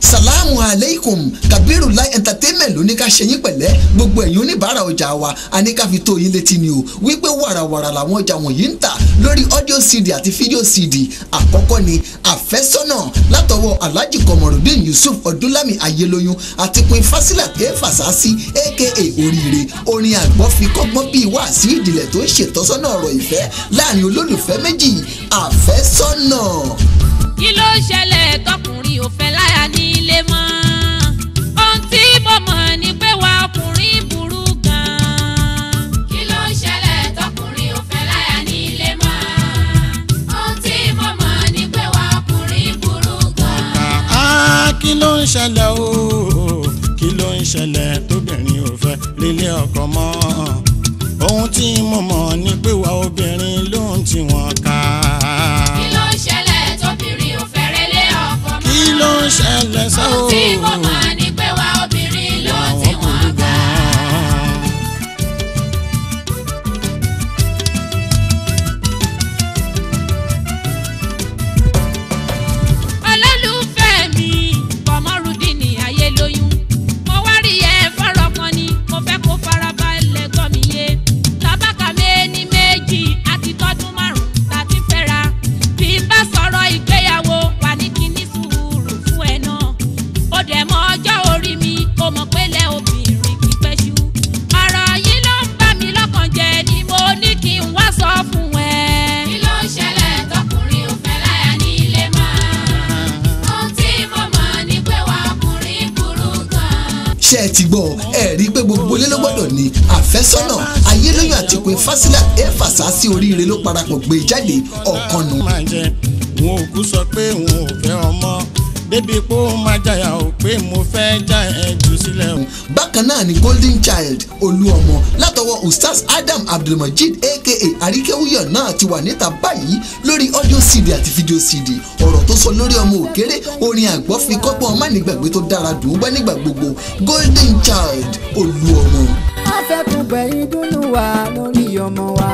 salamu aleikum Kabirulai entertainment ló ní ká ṣe yín pẹ̀lẹ́ gbogbo ẹ̀yin oníbàárà ọjà wa a ní ká fi tó yín létí ni o wípé wàràwàrà làwọn ọjà wọ̀nyí ń tà lórí audio cd àti video cd àkọ́kọ́ ni àfẹ́sọ́nà látọwọ́ alhaji kọmọrùdín yusuf ọdúnlámi ayélóyún àti pin fásilà ké aka oríire orin àgbọ̀ fi kọ́gbọ́n bíi wá sí ìdílẹ̀ tó ń ṣètọ́sọ́nà ọ̀rọ̀ ìfẹ́ láàrin olólùfẹ́ méjì àfẹ́sọ́nà kí ló ṣẹlẹ̀ tọkùnrin ò fẹ́ láya nílé mọ́ ohun tí mo mọ̀ ni pé wà ọkùnrin burú gan-an. kí ló ṣẹlẹ̀ tọkùnrin ò fẹ́ nílé mọ́ ohun tí mo mọ̀ ni pé wà ọkùnrin burú gan-an. ah, ah kí ló ń ṣẹlẹ̀ o kí ló ń ṣẹlẹ̀ tóbìnrin ò fẹ́ lílé ọkọ mọ́ ohun tí mo mọ̀ ni pé wà obìnrin lóhun tí wọ́n ká. ṣẹlẹ̀ sọ́ọ́. ó ti wọ́n máa ní. gbọ́ ẹ rí i pé gbogbo ilé ló gbọ́dọ̀ ní àfẹ́sọ́nà ayélóyún àti pé fásilà ẹ fàṣà sí oríire ló parapọ̀ gbé e jáde ọ̀kan nù. wọn ò kú sọ pé wọn ò fẹ́ ọmọ débi pé ó máa jàyà ò pé mo fẹ́ já ẹ jù sílẹ̀ o. bákan náà ni golden child olúọmọ látọwọ́ ustaz adam abdulmajid aka àríkẹ́wúyọ̀ náà ti wà níta báyìí lórí audio cd àti fídíò cd ọ̀rọ̀ tó sọ lórí ọmọ òkèrè orin àgbọ̀ fi kọ́gbọ́n ọmọ nígbàgbé tó dára dùn ún gbẹ́ nígbà gbogbo golden child olúọmọ. a fẹ́ kú gbẹ̀yìn dúnú wa lórí ọmọ wa.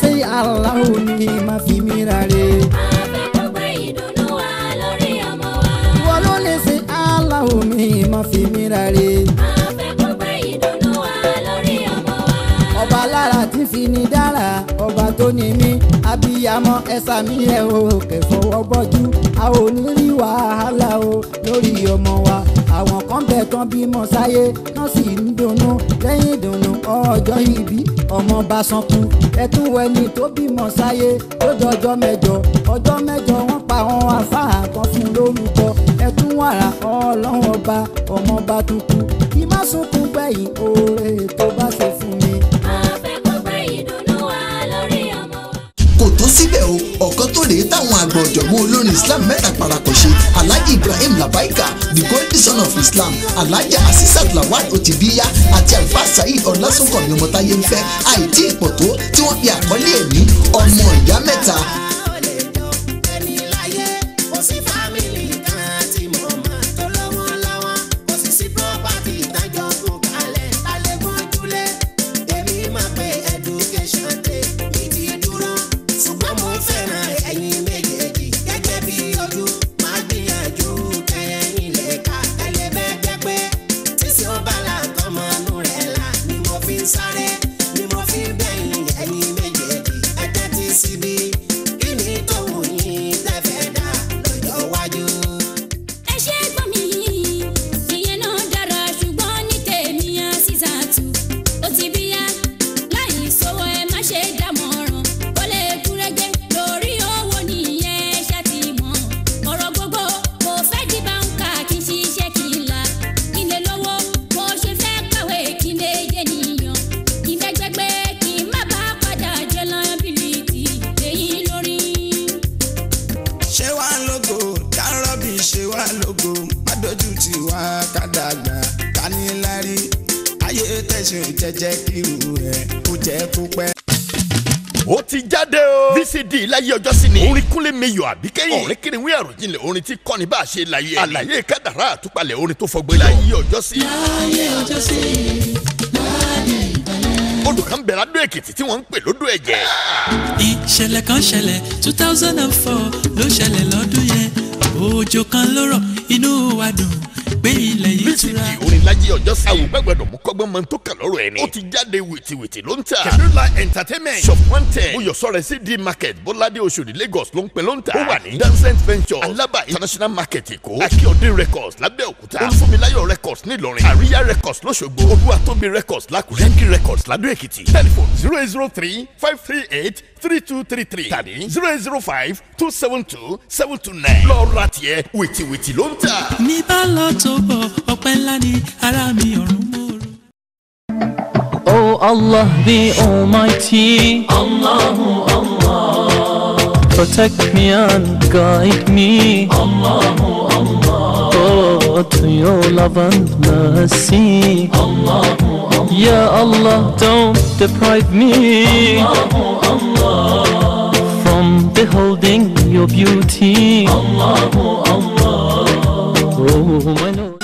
ṣe Allahu ni má fi mí rárẹ̀. a fẹ́ kó gbé ìdùnnú wa lórí ọmọ wa. wọ́n ló lè ṣe Allahu ni má fi mí rárẹ̀. a fẹ́ kó gbé ìdùnnú wa lórí ọmọ wa. ọba lára tí fi ni dára ọba tó ní mí abiyamọ ẹsà mi ẹ o kẹfọwọ́ gbọ́jú a ò ní rí wàhálà o lórí ọmọ wa àwọn kan bẹ̀ tán bímọ sáyé náà sì ń dunnú lẹ́yìn ìdùnnú ọjọ́ ìbí ọmọ bá sọkún ẹtún ẹni tó bímọ sáyé tó dọjọ́ mẹ́jọ ọjọ́ mẹ́jọ wọ́n pa àwọn àfáà kan fún lórúkọ ẹtún wàrà ọlọ́run ọba ọmọ bá tún kú kí má sunkún gbẹ̀yìn oore tó bá ṣe fún mi. síbẹ̀ o ọ̀kan tó rèé táwọn àgbà ọ̀jọ̀gbọ́n olórin islam mẹ́ta parapọ̀ ṣe alhaji ibrahim labaika the golden son of islam alhaja asisat lawal otibiya àti alfa saheed ọlásùnkànmí ọmọtáyé ń fẹ́ àìtí ìpọ̀ tó tí wọ́n fi àkọ́lé ẹ̀ ní ọmọ ìyá mẹ́ta ṣe ò jẹ́jẹ́ kírú rẹ̀ kó jẹ́ kó pẹ́ ó ti jáde o. vcd láyé ọjọ́ sí ni. orin kúnlé meyọ̀ àbíkẹ́yìn. ọ̀rẹ́ kiri wí àròjinlẹ̀ orin tí kọ́ni bá ṣe láyé ẹni. àlàyé kádàrá àtúpalẹ̀ orin tó fọgbẹ́ lọ. láyé ọjọ́ sí. láyé ọjọ́ sí láyé kan bẹ̀rẹ̀ adó èkìtì tí wọ́n ń pè lódò ẹ̀jẹ̀. ìṣẹ̀lẹ̀ kan ṣẹlẹ̀ two thousand and four ló ṣẹlẹ̀ lọ́dún yẹn òjò kan ló rọ̀ inú wa dùn gbé ilẹ̀ yìí tura. bísí kì orin lajẹ ọjọ́ sí. àwùgbẹ́ gbọ́dọ̀ mú kọ́gbọ́n mọ tó kà lọ́rọ̀ ẹ̀ ó ti jáde wìtìwìtì ló ń tà. kẹmíla entertainment shop one ten oyosore cd market bọ́ládé oṣòdì lagos ló ń pẹ́ ló ń tà. ó wà ní dancent ventures alaba international market èkó akíọ̀dé records lábẹ́òkúta olúfúnmiláyọ̀ records nílọrin àríyá records lọ́ṣogbo olúwatóbi records lákùrẹ́ yankee records ládó èkìtì telephone zero eight zero three five three eight three two three three tàbí zero eight zero five two seven two seven two nine. lọ ra tiẹ̀ wìtìwìtì ló ń tà. mi bá lọ tó bọ̀ ọpẹ́ ńlá ni ara mi ọ̀run mú. Oh Allah the Almighty Allahu Allah Protect me and guide me Allahu Allah love and mercy Allah, Allah. don't deprive me From beholding your beauty Allah, Allah. Oh, my Lord.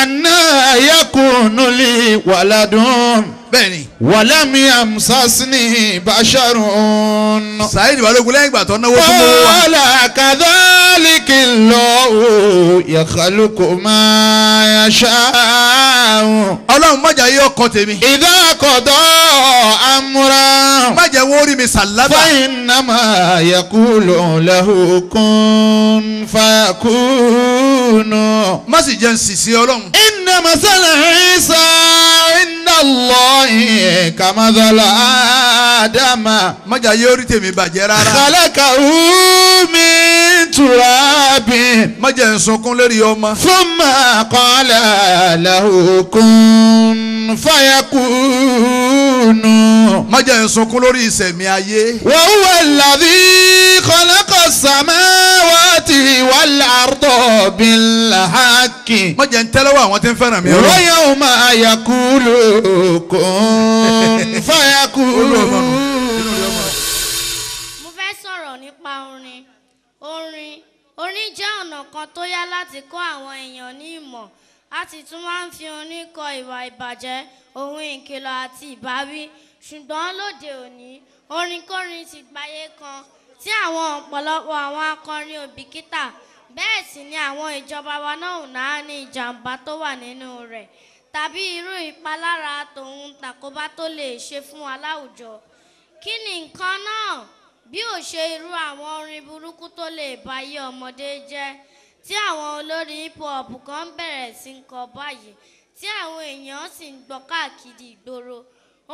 àná ayakunu li waladun. bẹ́ẹ̀ni. wàlámi amsasni basharun. Saheed Balogun lẹ́yìn ìgbà tó náwó tó mọ́ wa. wala kadhalika Allahu yakhluqu ma yasha'u. ọlọ́run mọ̀jà yóò kọ́ tèmi. idha qada amra. mọ̀jà wo orí mi sàlábà. fa innama yaqulu lahu kun fayakun dùnú. má sì jẹ́ ń sì sí ọlọ́run. iná masala Isa Madallahi kamadala Adama. Mọ̀jà yóò rí tèmi bàjẹ́ rárá. Kàlẹ́kà umi turabin. Mọ̀jà ń sunkún lórí ọmọ. Thumma qala lahu kun fayakunu. Mọ̀jà ń sunkún lórí ìsẹ̀mí ayé. Wa huwa alladhi khalaqa samawati wal arda bil haqqi. Mọ̀jà ń tẹ́lẹ̀ yakulu kún fáyàkù. mo fẹ́ sọ̀rọ̀ nípa orin orin orin jẹ́ ọ̀nà kan tó yá láti kọ́ àwọn èèyàn ní ìmọ̀ a sì tún máa ń fi orin kọ ìwà ìbàjẹ́ ohun ìkìlọ̀ àti ìbáwí ṣùgbọ́n lóde òní orin kọrin ti gbayé kan tí àwọn ọ̀pọ̀lọpọ̀ àwọn akọrin òbíkítà bẹ́ẹ̀ sì ni àwọn ìjọba wa náà náà ní ìjàmbá tó wà nínú rẹ̀ tàbí irú ìpalára tòun tàkóbá tó lè ṣe fún wa láwùjọ kí ni nǹkan náà bí ò ṣe irú àwọn orin burúkú tó lè bayé ọmọdé jẹ́ tí àwọn olórin hip hop kan bẹ̀rẹ̀ sí ń kọ báyìí tí àwọn èèyàn sì ń gbọ́ káàkiri ìgboro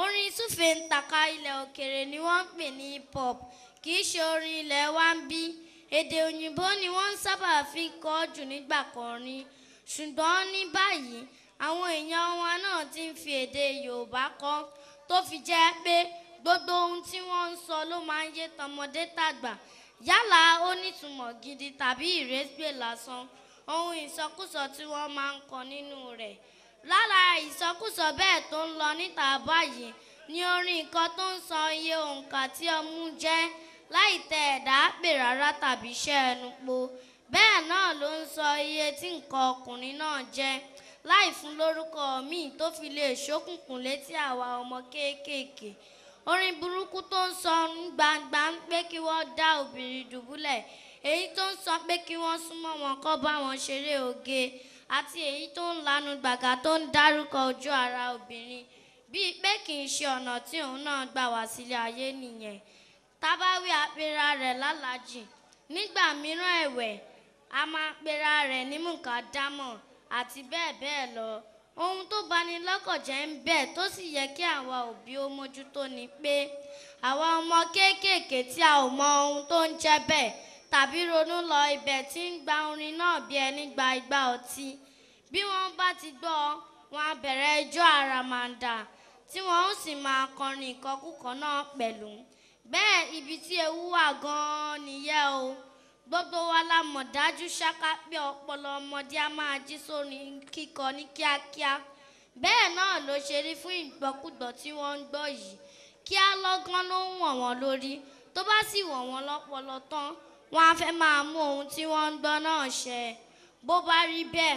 orin súfèé ń tàka ilẹ̀ òkèèrè ni wọ́n ń pè ní hip hop kì í ṣe orin ilẹ̀ wa ń bí èdè òyìnbó ni wọ́n ń sábà fi kọ jù nígbà kan rí ṣùgbọ́n ní báyìí àwọn èèyàn wọn náà ti ń fi èdè Yorùbá kọ́ tó fi jẹ́ pé gbogbo ohun tí wọ́n ń sọ ló máa ń yé tọmọdé tàgbà yálà ó nítumọ̀ gidi tàbí ìrẹ́gbẹ̀ lásán ohun ìsọkúsọ tí wọ́n máa ń kọ nínú rẹ̀ lára ìsọkúsọ bẹ́ẹ̀ tó ń lọ níta báyìí ni orin nǹkan tó ń sọ iye òǹkà tí ọmú jẹ́ láì tẹ ẹ̀dá pè rárá tàbí iṣẹ́ ẹnu po bẹ́ẹ̀ náà ló ń sọ iye tí nǹkan ọkùnrin náà jẹ́ láì fún lórúkọ míì tó fi lè ṣókùnkùn létí àwa ọmọ kéékèèké orin burúkú tó ń sọ gbangba ń pé kí wọ́n dá obìnrin dùbúlẹ̀ èyí tó ń sọ pé kí wọ́n súnmọ́ wọn kó bá wọn ṣeré oge àti èyí tó ń lanu gbàgà tó ń dárúkọ ojú ara obìnrin bíi pé kì í ṣe ọ̀nà tí òun náà gbà wá sílé ayé nìyẹn tábáwí apera rẹ̀ lálàjì nígbà mìíràn ẹ̀wẹ̀ a máa pera rẹ̀ ní mùkàdámọ̀ àti bẹ́ẹ̀ bẹ́ẹ̀ lọ ohun tó bani lọ́kànjẹ́ ń bẹ tó sì yẹ kí àwa òbí ó mójútó ni pé àwa ọmọ kéékèèké tí a ò mọ ohun tó ń jẹ́ bẹ́ẹ̀ tàbí ronú lọ ibẹ̀ tí ń gba orin náà bí ẹni gba igbá ọtí bí wọ́n bá ti gbọ́ wọn á bẹ̀rẹ̀ ijó àràmàǹdà tí wọ́n ó sì máa kọrin ìkọkúkọ náà pẹ̀lú bẹ́ẹ̀ ibi tí ewu wà gan-an nìyẹn o gbogbo wa la mọ̀ dájú ṣáká pé ọpọlọ ọmọdé a máa jí sórin kíkọ ní kíákíá bẹ́ẹ̀ náà ló ṣe rí fún ìgbọ́kúgbọ́ tí wọ́n ń gbọ́ yìí kíá lọ́gán ló ń wọ̀n wọ́n lórí tó bá sì wọ̀n wọ́n lọ́pọlọ tán wọ́n á fẹ́ máa mú ohun tí wọ́n ń gbọ́ náà ṣẹ bó bá rí bẹ́ẹ̀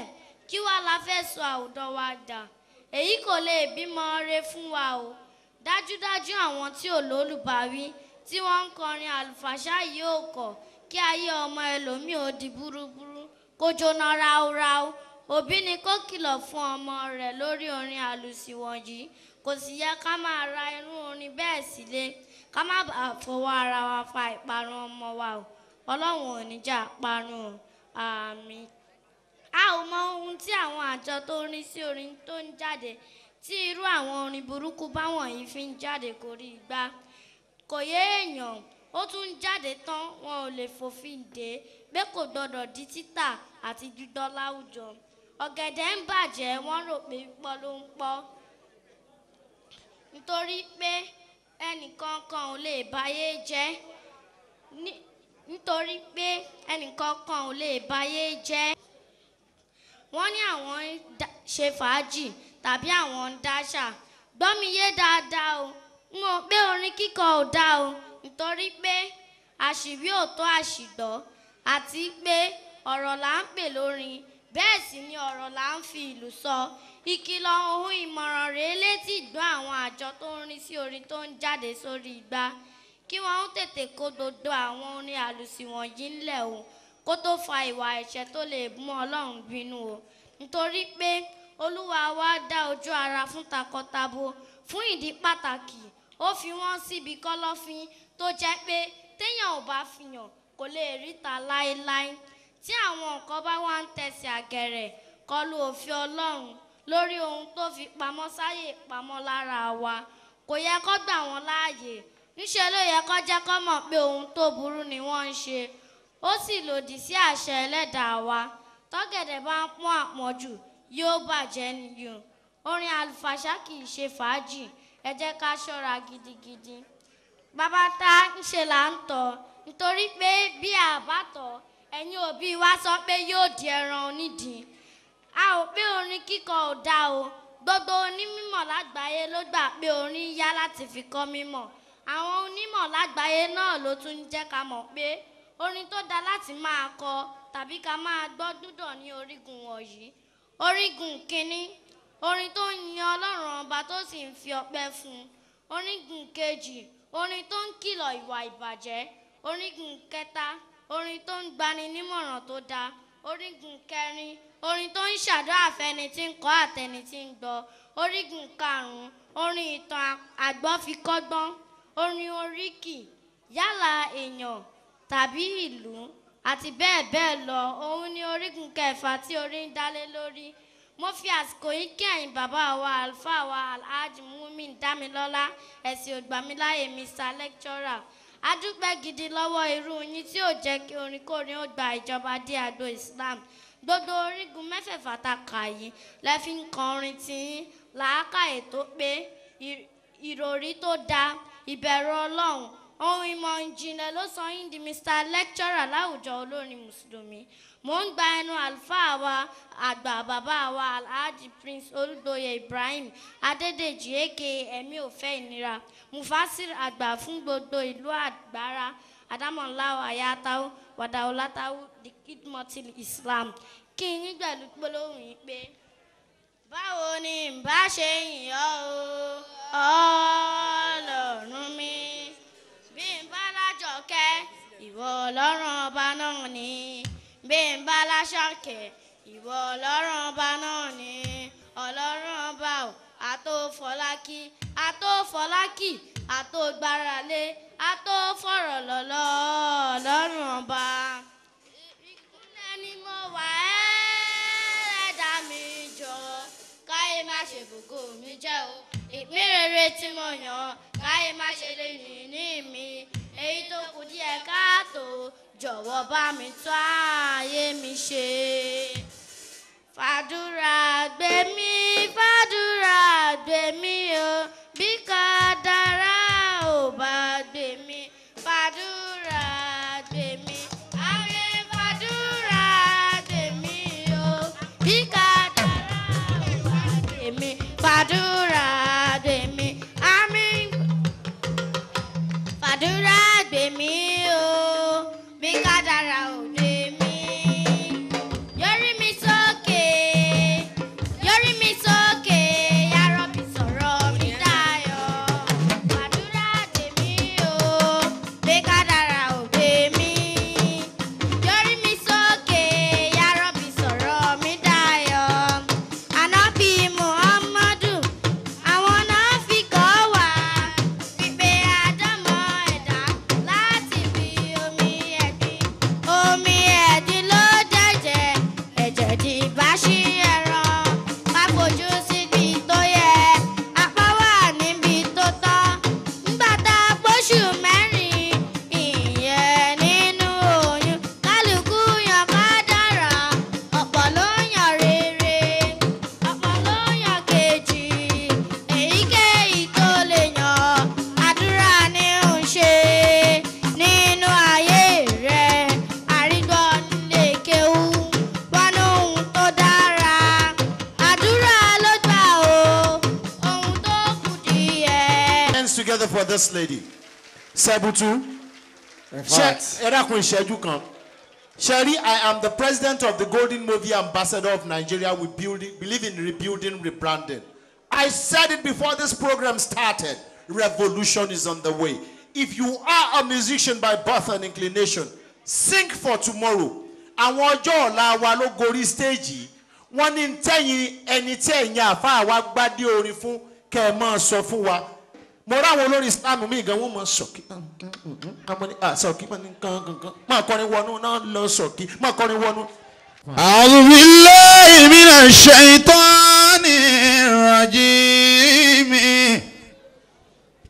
kí wá la fẹ́ sọ àwùjọ wa dà èyí kò lè bímọ re fún wa o dájúdájú àwọn tí ò lólùbáwí tí wọ́n ń kọrin àlùfàṣà yìí ò kọ̀ kí ayé ọmọ ẹlòmíì ó di búrúbúrú kó jóná ráúráú òbí ni kó kìlọ̀ fún ọmọ rẹ̀ lórí orin àlùsí wọ̀nyí kò sì yẹ ká máa ra irú orin bẹ́ẹ̀ sílé ká má bàa fọwọ́ ara wa fa ìparun ọmọ wa o ọlọ́run ò ní jà parun o àmín. a ò mọ ohun tí àwọn àjọ tó ń rí sí orin tó ń jáde tí irú àwọn orin burúkú báwọn yìí fi ń jáde kò rí gbà kò yé èèyàn ó tún ń jáde tán wọn ò lè fòfin dè é pé kò gbọdọ̀ di títà àti dídán láwùjọ ọ̀gẹ̀dẹ̀ ń bàjẹ́ wọ́n rò pé pọ́ ló ń pọ́ nítorí pé ẹnìkankan ò lè báyé jẹ́ nítorí pé ẹnìkankan ò lè báyé jẹ́ wọ́n ní àwọn ń ṣe fàájì tàbí àwọn ń dáṣà gbọ́mi yé dáadáa o mọ̀ pé orin kíkọ ò dáa o nítorí pé àṣìwí ò tó àṣìgbọ́ àti pé ọ̀rọ̀ là ń pè lórin bẹ́ẹ̀ sì ni ọ̀rọ̀ là ń fi ìlú sọ ìkìlọ̀ ohun ìmọ̀ràn rèé létí ìgbọ́ àwọn àjọ tó ń rin sí orin tó ń jáde sórí igbá kí wọ́n ń tètè kó gbogbo àwọn orin àlùsí wọ̀nyí ńlẹ̀ o kó tó fa ìwà ẹ̀ṣẹ̀ tó lè mú Ọlọ́run bínú o nítorí pé Olúwa wa dá ojú ara fún takọtabo fún ìdí pàtàkì ó fi wọ́n síbi kọ́lọ́fín tó jẹ́ pé téèyàn ò bá fihàn kò lè ríta láéláé tí àwọn nǹkan bá wá ń tẹ̀sí àgẹ̀rẹ̀ kọlu òfin ọlọ́run lórí ohun tó fi pamọ́ sáyè pamọ́ lára wa kò yẹ kó gbà wọ́n láàyè níṣẹ́ ló yẹ kó jẹ́ kó mọ̀ pé ohun tó burú ni wọ́n ń ṣe ó sì lòdì sí àṣẹ ẹlẹ́dàá wa tọ́gẹ̀dẹ̀ bá ń pọ́n àpọ̀jù yóò bàjẹ́ nìyẹn orin àlùfàṣà kì í ṣe fàájì ẹ jẹ́ ká ṣọ́ra gidigidi bàbá tá ń ṣe là ń tọ̀ nítorí pé bí àbátọ̀ ẹ̀yin òbí wa sọ pé yóò di ẹran onídìí a ò pé orin kíkọ ò dá o gbogbo onímọ̀ lágbàáyé ló gbà pé orin yá láti fi kọ́ mímọ̀ àwọn onímọ̀ lágbàáyé náà ló tún jẹ́ ká mọ̀ pé orin tó dá láti máa kọ tàbí ká máa gbọ́ dúdọ̀ ní orígun wọ̀nyí orígun kínní orin tó ń yin ọlọ́run ọba tó sì ń fi ọpẹ́ fún un orígun kejì orin tó ń kìlọ̀ ìwà ìbàjẹ́ orígun kẹta orin tó ń gbani nímọ̀ràn tó dáa orígun kẹrin orin tó ń ṣàdúrà fẹ́ni tí ń kọ́ àtẹni tí ń gbọ́ orígun karùn-ún orin ìtàn àgbọ́fikọ́gbọ́n orin oríkì yálà èèyàn tàbí ìlú àti bẹ́ẹ̀ bẹ́ẹ̀ lọ òun ni orígun kẹfà tí orin dálé lórí mo fi àsìkò yìí kí ẹ̀yin bàbá wa àlùfáà wa alhaji mumin damilọ́lá ẹ̀sìn ògbàmíláyè mr lecturer adúpẹ́ gidi lọ́wọ́ irú yín tí ò jẹ́ kí orinkorin ó gba ìjọba dé àgbo islam gbogbo orígun mẹ́fẹ̀ẹ̀fà ta kà yìí lẹ fi ń kan orin tiyín làákàyè tó pé ìròrí tó dáa ìbẹ̀rù ọlọ́run ohun ìmọ̀ ìjìnlẹ̀ ló sọ yín di mr lecturer láwùjọ olórin mùsùlùmí mo ń gba ẹnu àlùfáà wa àgbà bàbá wa alhaji prince olùdóye ibrahim adédèjì èké ẹ̀mí òfẹ́ ìnira mufasir àgbà fún gbogbo ìlú àgbára adamonlawo ayatawo wadaolatawo the kidmotil islam kí n yín pẹ̀lú gbólóhùn yìí pé báwo ni bá ṣe yìn ọ́ o ọlọ́run mi bí n bá lájọ kẹ́ ìwọ ọlọ́run ọba náà ni bẹ́ẹ̀ ń bá láṣàkẹ́ ìwọ ọlọ́run ọba náà ni ọlọ́run ọba ò àtòfọlákì àtòfọlákì àtògbáralé àtòfọ̀rọ̀lọ́lọ́ ọlọ́run ọba. ìkúnlẹ̀ ni mo wà ẹ́ ẹ̀dá mi jọ káyé má ṣe gbogbo mi jẹ́ o ìpín rere tí mo yàn káyé má ṣe lè rìn ní mi èyí tó kù díẹ̀ káàtó jọ̀wọ́ bá mi tún ààyè mi ṣe. fàdúrà gbé mi fàdúrà gbé mi o bí kádàrá ò bá jẹ́. this lady Sebutu ṣe Sherry, I am the president of the Golden Movie Ambassador of Nigeria. We build, believe in rebuilding, rebranding. I said it before this program started. Revolution is on the way. If you are a musician by birth and inclination, sing for tomorrow. And ọjọ́ ọ̀la wa ló gorí stéèjì. Wọ́n ní tẹ́yìn ẹni ten ẹ̀yin àfáà wa gbádé orin kẹ́ ẹ sọ fún mo ráwọn olórí islam mi gan wọn mọ sọkí ah, sọkí mọ nǹkan gangan máa kọrin wọnú náà lọ sọkí máa kọrin wọnú. A'udhu billahi minash shaitanir rajim.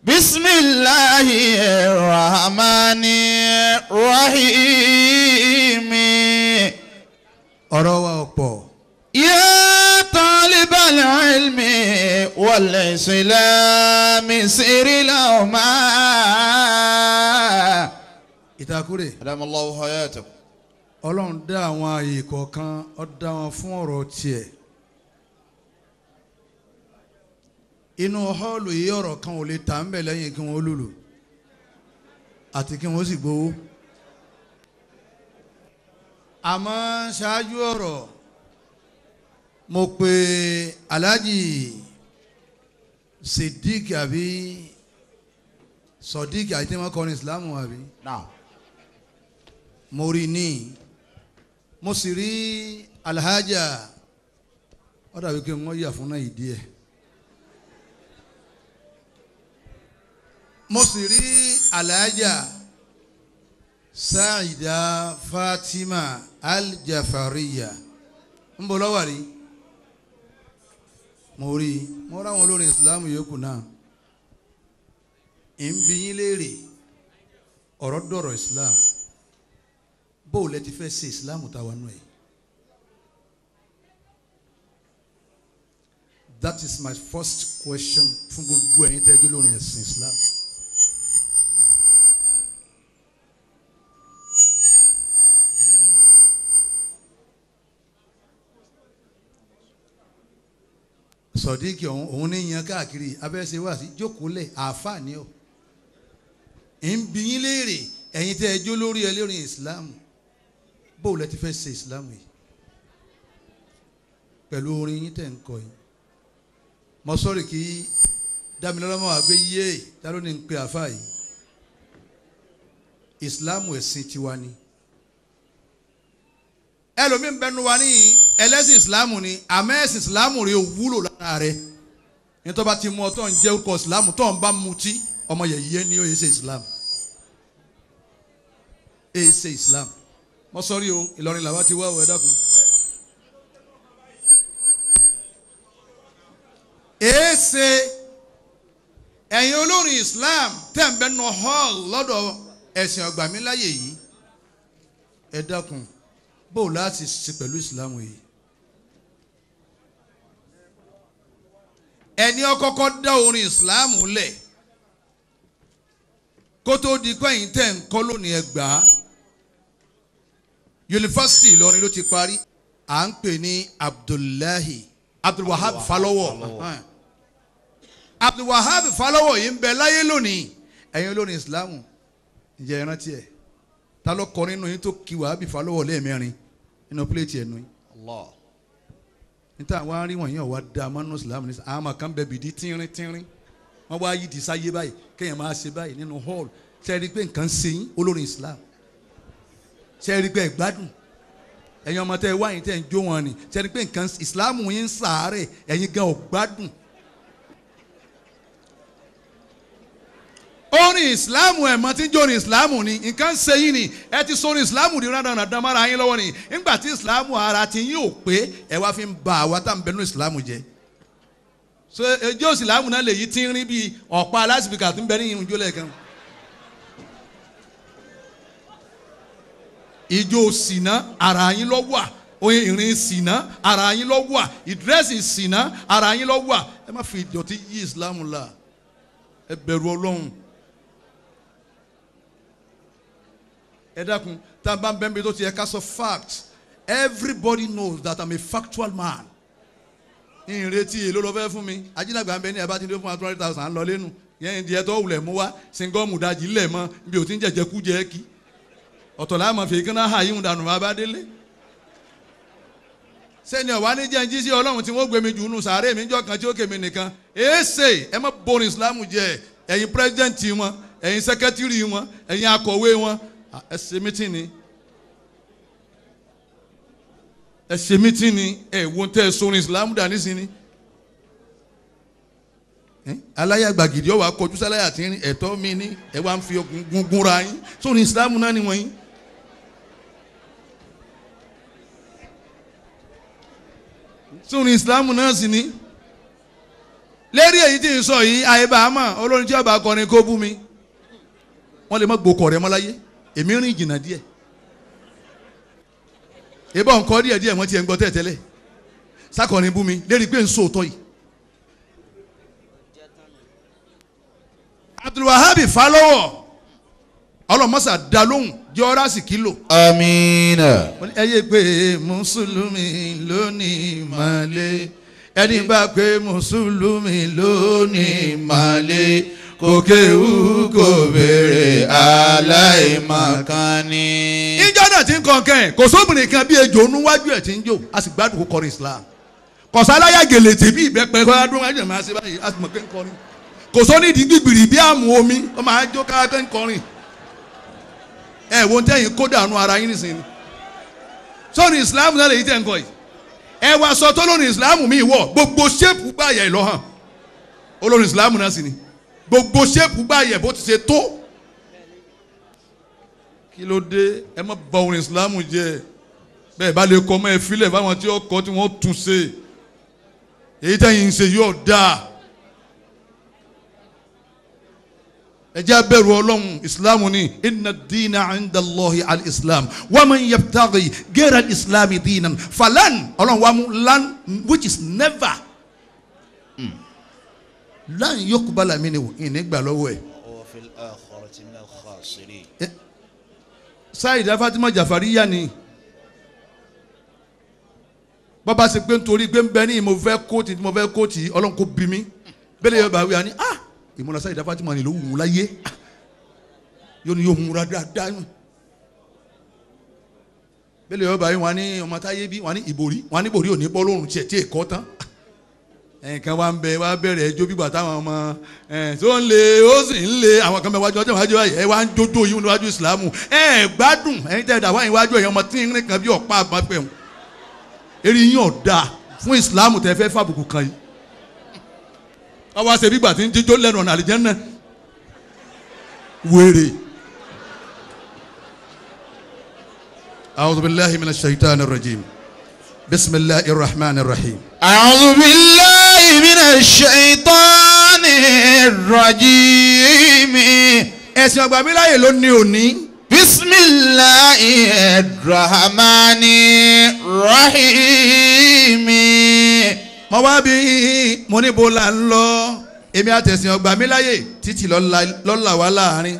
Bismillahir rahmanir rahim. ọ̀rọ̀ wa ọ̀pọ̀. yẹ́ẹ́. طالب العلم والإسلام سر لهما ìtakúrè. adamallahu hayatak. ọlọ́run dá àwọn ààyè kọ̀ọ̀kan ó dá wọn fún ọ̀rọ̀ tiẹ̀. inú họ́ọ̀lù yìí ọ̀rọ̀ kan ò lè tà ń bẹ̀ lẹ́yìn kí wọ́n lùlù àti kí wọ́n sì gbowó. àmọ́ ṣáájú ọ̀rọ̀ mo pe alhaji sadiq àbí sadiq àti tí wọ́n kọrin islam àbí mo rí ní mo sì rí alhaja ó dàbí kí wọ́n yà fún náà ìdí ẹ̀. mo sì rí alájà sáàìdá fatima aljafariya ń bọ̀ lọ́wọ́ rí mo rí i mo ráwọn olórin islam yòókù náà ń bi yín léèrè ọ̀rọ̀ dọ̀rọ̀ islam bó o lẹ ti fẹ́ ṣe islam táwa nù ẹ̀. that is my first question fún gbogbo ẹ̀yin tẹ́jú lórí ẹ̀sìn islam. sọdíkì ọ̀hún òun ní yan káàkiri abẹ́sẹ̀ wá sí jókòólẹ̀ àǹfààní ọ̀ ń bi yín léèrè ẹ̀yin tẹ́ ẹ jó lórí ẹlẹ́rìn islam bóò lẹ́ ti fẹ́ ṣe islam yìí pẹ̀lú orin yín tẹ̀ ń kọ yìí mo sọ̀rọ̀ kí dámilọ́lọ́mọ́ àgbẹ̀ yíyé dáró ní ń pe àfáà yìí islam ẹ̀sìn tiwa ni ẹlòmíín bẹnu wa níyìn ẹlẹ́sìn ìsìláàmù ni àmọ́ ẹ̀sìn ìsìláàmù rẹ̀ wúlò lára rẹ̀ ní tó bá ti mú ọ tó ń jẹ́ orúkọ ìsìláàmù tó ń bá mutí ọmọ yẹ̀ yé ní oyè ṣe ìsìláàmù èyí ṣe ìsìláàmù mo sọ́rí o Ìlọrin làwa ti wá ọ̀ ẹ̀dá kun. èyí ṣe ẹ̀yin olórin Islam tẹ̀ ń bẹ́ẹ̀ nù hall lọ́dọ̀ ẹ̀sìn ọgbàmíláyè yìí ẹ dákun bó láti sí pẹ̀lú ìsìlámù yìí. ẹni ọkọ́kọ́ dá orin ìsìlámù lẹ̀ kó tó di pé ẹ̀yin tẹ̀ ń kọ́ lónìí ẹgbàá yunifásitì Ìlọrin ló ti parí à ń pè ní Abdullahi Abdulwahab Falowo Abdulwahab Falowo yìí ń bẹ láyé lónìí ẹ̀yin olórin ìsìlámù ǹjẹ́ ẹ rántí ẹ̀ ta ló kọ nínú yín tó kí Wahab Falowo lẹ́ẹ̀mẹrin inú pílẹ̀tì ẹ̀nu yìí Allah níta àwọn aríwọ̀n yìí ọ̀wá da amánú islam ní àmà kan bẹ̀bì di tínrín tínrín wọ́n wá yí di sáyé báyìí kéèyàn máa ṣe báyìí nínú hall ṣe rí nǹkan ṣe olórin islam ṣe rí pé ẹ̀gbádùn ẹ̀yin ọmọ tẹ́ wáyìn tẹ́ ń jó wọn ni ṣe rí nǹkan islam yín ń sàárẹ̀ ẹ̀yin gan ọ̀gbádùn orin Islamu ẹ̀ mọ́ tí ń jó orin ìsìláàmù ni nǹkan ṣe yín ni ẹ ti sọ orin ìsìláàmù di rádàrà dán mára yín lọ́wọ́ ni nígbà tí ìsìláàmù ara ti yín ò pé ẹ wá fi ń ba àwa tá à ń bẹ nínú ìsìláàmù jẹ so ejó Islamu náà lè yí tí ń rí bíi ọ̀pá aláṣìbìkà tó ń bẹ níyìn ìjó lẹ́ẹ̀kan. ìjó sìnà ara yín lọ́wọ́ à oyin ìrìn sìnà ara yín lọ́wọ́ à ìdírẹ́sì sìnà ara yín lọ́wọ́ à ẹ má fi ìdọ̀tí yí ìsìláàmù la ẹ bẹ̀rù ọlọ́run ẹ dákun tá a bá ń bẹ́ẹ̀ bí tó ti yẹ ká sọ fact everybody knows that i'm a factual man ìrètí èló lọ fẹ́ fún mi ajínigbà ń bẹ ní ẹ bá ti dé fún wa two hundred thousand à ń lọ lẹ́nu yẹn ìdí ẹtọ́ wulẹ̀ mú wa singọ́ọ̀mù dajì lẹ̀ mọ́ bí o ti ń jẹ̀jẹ̀ kú jẹ́ kí ọ̀tọ̀ láà mọ̀ fèékán náà hà yíhun dànù bàbá délé sẹ́ni ọ̀wá ní jẹ́njí sí ọlọ́run tí wọ́n gbé mi jù nù sàárè mi jọ kan tí ó kèmi nìkan èèṣe ẹ má borin islam jẹ ẹ̀yin pírẹ́sidẹ̀ntì wọn ẹ̀yin sẹ́kẹ́tìrì wọn ẹ̀yin akọ̀wé wọn Ah, ẹ ṣe mítìn ni ẹ ṣe mítìn ni ẹ wo tẹ ẹ sọ̀rọ̀ ìsìlámù dání ni aláyàgbà gidi ọwọ akọjú sáláyà tí ń ẹ̀tọ́ mi ní ẹ wá fi gungun ra yín sọ̀rọ̀ náà ni wọ̀nyí. sọ̀rọ̀ ìsìlámù náà sì ni lérí èyí tí ń sọ yìí àyè bàá mà olórin tí ọba akọrin kó bú mi wọ́n lè má gbókọ̀ rẹ̀ mọ́ láyé èmi rìn jìnnà díẹ̀ ebọ nǹkan díẹ̀ díẹ̀ wọ́n ti ẹ̀ ń gbọ́ tẹ́tẹ́lẹ̀ sákọ̀rin bú mi lérí pé n so òótọ́ yìí. abdulwahabi falọ́wọ̀ ọlọ́mọ́sà dá lóhùn jẹ́ ọ́ rásì kìlò. amiina. ẹ yé pé mùsùlùmí lónìí màlẹ́ ẹni bá pé mùsùlùmí lónìí màlẹ́ kò kéwú kò béèrè aláìmọ̀kan ni. ìjọ náà ti ń kọ̀ọ̀kan kò sóbìnrin kan bí ejò níwájú ẹ̀ ti ń jò a sì gbádùn kó kọrin Islam kọ̀sáláyà gèlè tèbí ìbẹ́pẹ́ kọ́lá dún wájú máa ṣe báyìí a sì mọ̀ pé ń kọrin kò sóní di gbìgbìrì bí àmú omi ó máa jó ká pé ń kọrin ẹ wo ń tẹ́yìn kó dànù ara yín nìsín ni sọ́ni Islam náà lè yí tẹ̀ yìí ẹ wá sọ tó lónìí Islam mi wọ̀ gbogbo ṣépù gbàyà ìlọ́hàn olórin Islam náà sì ni gbogbo ṣéèpù gbààyè bó ti ṣe tó kí ló dé ẹ má bà orin islam jẹ́ bẹ́ẹ̀ bá lè kọ ọmọ ẹ filẹ̀ fáwọn tí wọ́n kọ́ tí wọ́n tún ṣe èyí tẹ̀yìn ń ṣe yóò dáa ẹ jẹ́ a islam ni inna diina inda Allahi al-islam wa man yabtaghi ghayra islami diinan falan Ọlọ́run wa mu lan which is never. Mm láyìn yóò kú bala mi ni o ìní gbà lọ́wọ́ ẹ̀. sáyidá Fatima Jafari yá ni bàbá ṣe pé nítorí pé ń bẹ ní mo fẹ́ kóòtì mo fẹ́ kóòtì ọlọ́run kò bí mi bẹ́ẹ̀ lè yọ bàbá wíwá ni ah ìmọ̀lá sáyidá Fatima ni ló wù ú láyé yóò ní yóò múra dáadáa yìí bẹ́ẹ̀ lè yọ wíwá ni ọmọ táyé bí wà ní ìbòrí wà ní ìbòrí ò ní bọ́ lórun tiẹ̀ tí èkó tán nǹkan wa ń bẹ wa bẹ̀rẹ̀ ẹjọ́ bíbà táwọn ọmọ tó ń le ó sì ń le àwọn kan bẹ wájú ọjọ́ ìwájú ẹ wá ń jójó yìí níwájú ìsìlámù ẹ gbádùn ẹ̀yin tẹ̀ dàwọ́ ìwájú ẹ̀yin ọmọ tí ń rìn kan bí ọ̀pá àbápẹ̀hùn eré yín ọ̀dà fún ìsìlámù tẹ̀ fẹ́ fàbùkù kan yìí ọwọ́ àṣẹ bíbà tí ń jíjó lẹ́nu ọ̀nà àlìjẹ́nà wèrè. A'udhu billahi minash shaitani rahim. A'udhu billahi. بالله من الشيطان الرجيم ẹ̀sìn ọgbà mi láyè ló ní òní. bisimilahi rahmani rahimi. mo wá bí mo níbo là ń lọ èmi àtẹ̀sìn ọgbà mi láyè títí lọ́la wà láàrin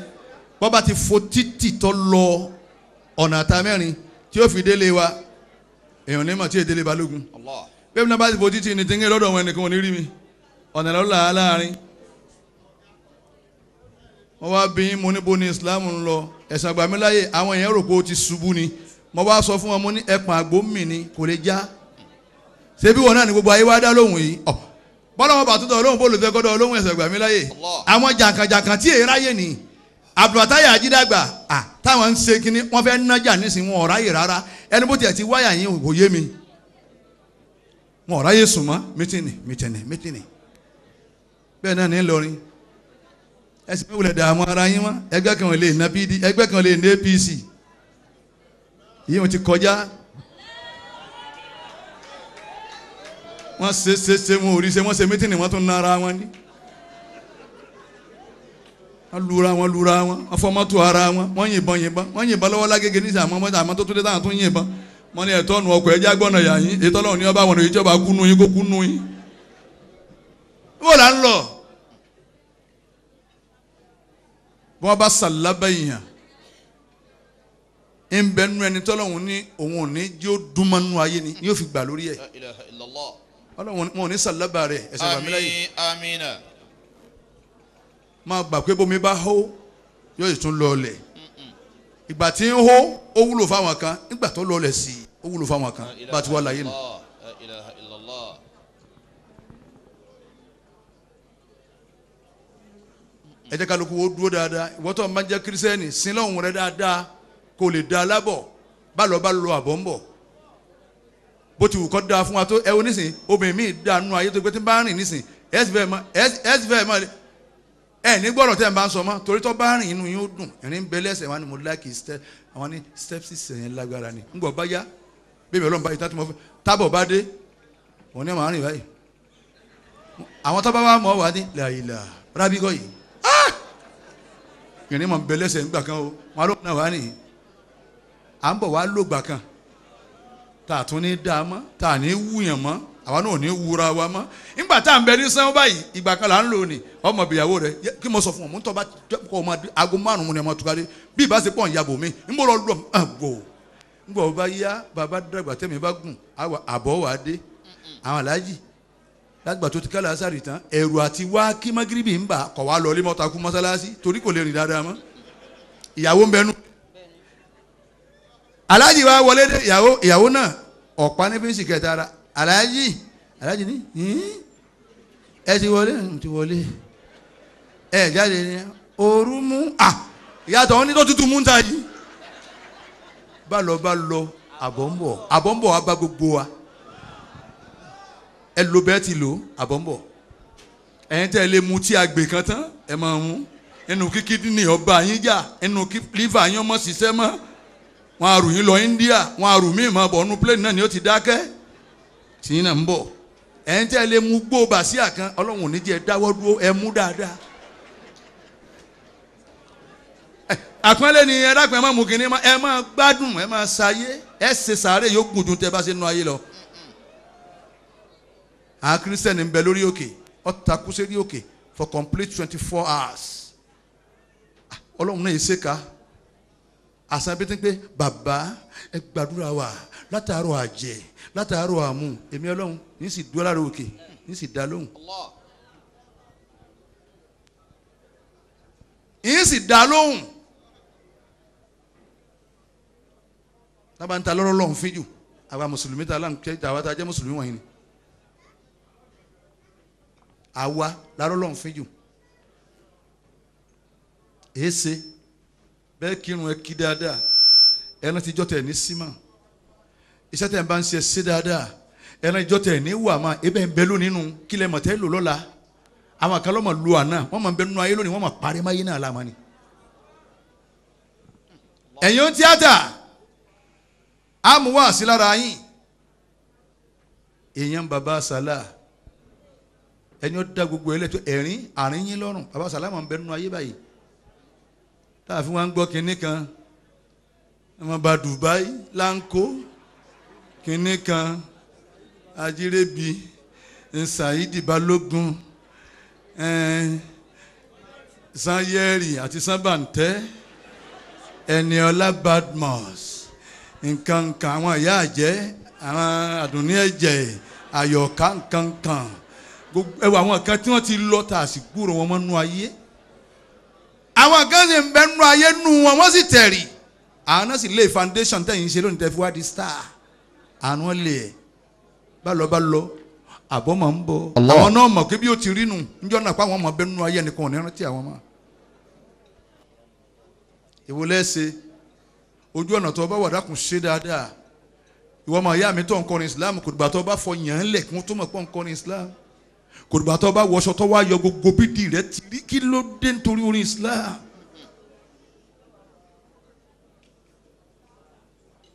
wọ́n bá ti fo títì tó lọ ọ̀nà àtàmẹ́rin tí ó fi délé wa èèyàn ní mọ̀ tí èdè lè balógun. Allah bẹ́ẹ̀ náà bá ti fojú tì ní ti ń gé lọ́dọ̀ wọn ẹnìkan ò ní rí mi ọ̀nà lọ́la láàrin mo wá bí mo níbo ni Islam ń lọ ẹ̀sìn àgbà mi láyè àwọn èèyàn rò pé ó ti ṣubú ni mo wá sọ fún wọn mo ní ẹ̀pọ̀n àgbo mì ni kò lè já ṣé bí wọn náà ní gbogbo ayé wá dá lóhùn yìí ọ̀ bọ́lá wọn bàtúntà olóhùn bó lùfẹ́ gọ́dọ̀ olóhùn ẹ̀sìn àgbà mi láyè àwọn jàǹkànjàǹkàn tí èè ráyè nìyí abdulwatayi ajídàgbà táwọn ń ṣe kínní wọn fẹ́ nájà nísìnyí wọn ọ̀ráyè rárá ẹni bó tiẹ̀ ti wáyà yín òye mi wọn ò ráyè sùn mọ́ mítìnì mítìnì mítìnì bẹ́ẹ̀ náà ní Ìlọrin ẹsìn mi wulẹ̀ dààmú ara yín wá ẹgbẹ́ kan lè na kan na APC yìí wọn ti kọjá wọn ṣe ṣe ṣe wọn ò rí ṣe wọn ṣe mítìnì wọn tún nara wọn wọn lura wọn ara wọn wọn yìnbọn yìnbọn wọn yìnbọn lágége tó tún dé táwọn tún mo ní ẹ̀tọ́ nu ọkọ̀ ẹ̀já gbọ́nà yà yín ètò ọlọ́run ní ọba àwọn èyí jọba kúnú yín kó kúnú yín bó là ń lọ bí wọ́n bá sàlábà èèyàn ń bẹ nú ẹni tọ́lọ́run ní òun ò ní jí ó dúnmọ́ nú ayé ni yóò fi gbà lórí ẹ̀ ọlọ́run wọn ò ní sàlábà rẹ̀ ẹ̀sẹ̀ bàmí lẹ́yìn máa gbà pé bómi bá hó yóò tún lọ ọlẹ̀ ìgbà tí ń hó ó wúlò fáwọn kan nígbà tó lọlẹ̀ sí i ó wúlò fáwọn kan bá a ti wá láyé nù. ẹ jẹ́ kálukú wo dúró dáadáa ìwọ́n tó máa ń jẹ́ kírísẹ́nì sílọ́hún rẹ dáadáa kò lè da alábọ̀ bá lọ bá lọ àbọ̀ ń bọ̀ bó ti wù kọ́ da fún wa tó ẹ wo nísìn obìnrin mi dànù ayé tó gbé tí bá ń rìn nísìn ẹ sì fẹ́ẹ́ mọ ẹ sì fẹ́ẹ́ mọ ẹ ní gbọ́dọ̀ tẹ́ ẹ bá ń sọ mọ́ torí tó bá rìn inú yóò dùn ẹ̀rín bẹ lẹ́sẹ̀ wọn ni mo láàkì àwọn ní step six yẹn lágbára ni ńgbọ̀ bá yá bébí ọlọ́run báyìí tátí mo fẹ́ tábọ̀ bá dé wọn ní màá rìn báyìí àwọn tábà wà mọ́ wà ní làyìlà rábíkọ́ yìí ìrìn ah! mọ̀ bẹ lẹ́sẹ̀ ńgbà kan o wọn ló náà wà ní à ń bọ̀ wá lógbà kan tà tún ní dá mọ́ tà ní wúyàn mọ́ àwa náà ní wúra wa mọ́ nígbà tá à ń bẹ ní sẹ́wọ́n báyìí ìgbà kan là ń lò ní ọmọ ìyàwó rẹ kí mo sọ fún ọ mo ń tọ́ bá kọ́ ọmọ aago márùn-ún ni ọmọ tukadé bí ìbá ṣe pọ̀ ń yabò mi ń bọ̀ lọ lọ àgbò ńgbà ọba yá bàbá dàgbà tẹ̀mí bá gùn àbọ̀ wà á dé àwọn aláàjì lágbà tó ti kálá àṣàrì tán ẹ̀rù àti wá kí magiribi ń bà kọ̀ wá lọ lé mọ́ta kú mọ́sálásí torí kò lè rìn dáadáa mọ́ ìyàwó ń bẹnu aláàjì wa wọlé dé ìyàwó náà ọ̀pá ní fíńsì kẹta ara aláàjì aláàjì ní ẹ ti wọlé ẹ ti wọlé ẹ jáde ní ooru mú à ìyàtọ̀ wọn ní tó tutù mú ń ta yìí bá lọ bá lọ àbọ̀ ń bọ̀ bá gbogbo wa ẹ lo bẹ́ẹ̀ ti lò àbọ̀ ń bọ̀ ẹ̀yin tẹ́ ẹ lè mu tí a gbè kan tán ẹ máa mú ẹnu kíkí ní ọba yín jà ẹnu lífà yín ọmọ ṣiṣẹ́ mọ́ wọn àrùn yín lọ India wọn àrùn míì máa bọ̀ ọ̀nù plẹ́ẹ̀nì náà ni ó ti dákẹ́ tìyín náà ń bọ̀ ẹ̀ ń tẹ́lẹ̀ mú gbó bàṣíà kan ọlọ́run ò ní jẹ́ dáwọ́ dúró ẹ mú dáadáa. Eh, àpọ́nlé ni ẹ dákun ẹ máa mú kinní ẹ máa gbádùn ẹ máa ṣayé ẹ ṣe sàárè yóò gùn ju tẹ bá ṣe nu ayé lọ. àwọn kírísítẹ́nì ń bẹ lórí òkè ọ̀tàkù sérí òkè for complete twenty four hours. Ah, ọlọ́run náà yìí ṣèkà àṣà bí tí ń pé bàbá ẹ gbàdúrà wa látàárọ̀ àjẹ́ látàárọ̀ àmú èmi ọlọ́run ní sì dúró lára òkè ní sì dá lóhùn. ní sì dá lóhùn. tábà ń ta lọ́rọ́ lọ́hùn fín jù àwa mùsùlùmí ta láǹkẹ́ tàwa ta jẹ́ mùsùlùmí wọ̀nyí ni. àwa lárọ́ lọ́hùn fín jù èé ṣe bẹ́ẹ̀ kírun ẹ kí dáadáa ẹnu tíjọ́ tẹ̀ ní símà iṣẹ́ tẹ̀ ń bá ń ṣe ṣe dáadáa ẹran ìjọ tẹ̀ ní wà máa ebẹ̀ ń bẹ lónìí nù kílẹ̀ mọ̀tẹ́ lò lọ́la àwọn kan lọ́mọ lu àná wọ́n máa ń bẹ nínú ayé lónìí wọ́n máa parí máyé náà láàmú ni. ẹ̀yin tíátà á mú wá sí lára yín èèyàn bàbá sàlá ẹni ó da gbogbo ẹlẹ́tọ́ ẹ̀rín àárín lọ́rùn bàbá sàlá máa bẹ nínú ayé báyìí táàfin wa ń gbọ́ kinní kan ẹ̀ máa ba Dubai láńkó kínní kan ajírẹ́bi ṣàyídì balógun sanyẹ́rì àti sanbàǹtẹ́ ẹni ọlá badmus nǹkan kan àwọn ìyá àjẹ́ àwọn àdùnní ẹ̀jẹ̀ àyọ̀ká nǹkan kan ẹwà àwọn kan tí wọ́n ti lọ tà sí gbúrò wọn mọ́nú ayé àwọn kan sì ń bẹ́nu ayé nu wọn wọ́n sì tẹ̀rì àwọn náà sì lay foundation tẹ̀yìn ṣe lónìí tẹ́ fi wá di star àrùn ọ̀lẹ̀ ẹ̀ bá lọ bá lọ àbọ̀ máa ń bọ̀ àwọn náà mọ̀ kí bí ó ti rí nù níjọ́ náà pa àwọn ọmọ bẹ́ẹ̀ nínú ayé ẹnìkan ò rántí àwọn ọmọ. èwo lẹ́sẹ̀ ojú ọ̀nà tó bá wà dákun ṣe dáadáa ìwọ ọmọ ìyá mi tó ń kọrin Islam kò dùgbà tó bá fọ yàn án lẹ̀ kí wọ́n tó mọ̀ pé ń kọrin Islam kò dùgbà tó bá wọṣọ tó wá yọ gbogbo bídìí rẹ ti rí kí ló dé nítorí orin Islam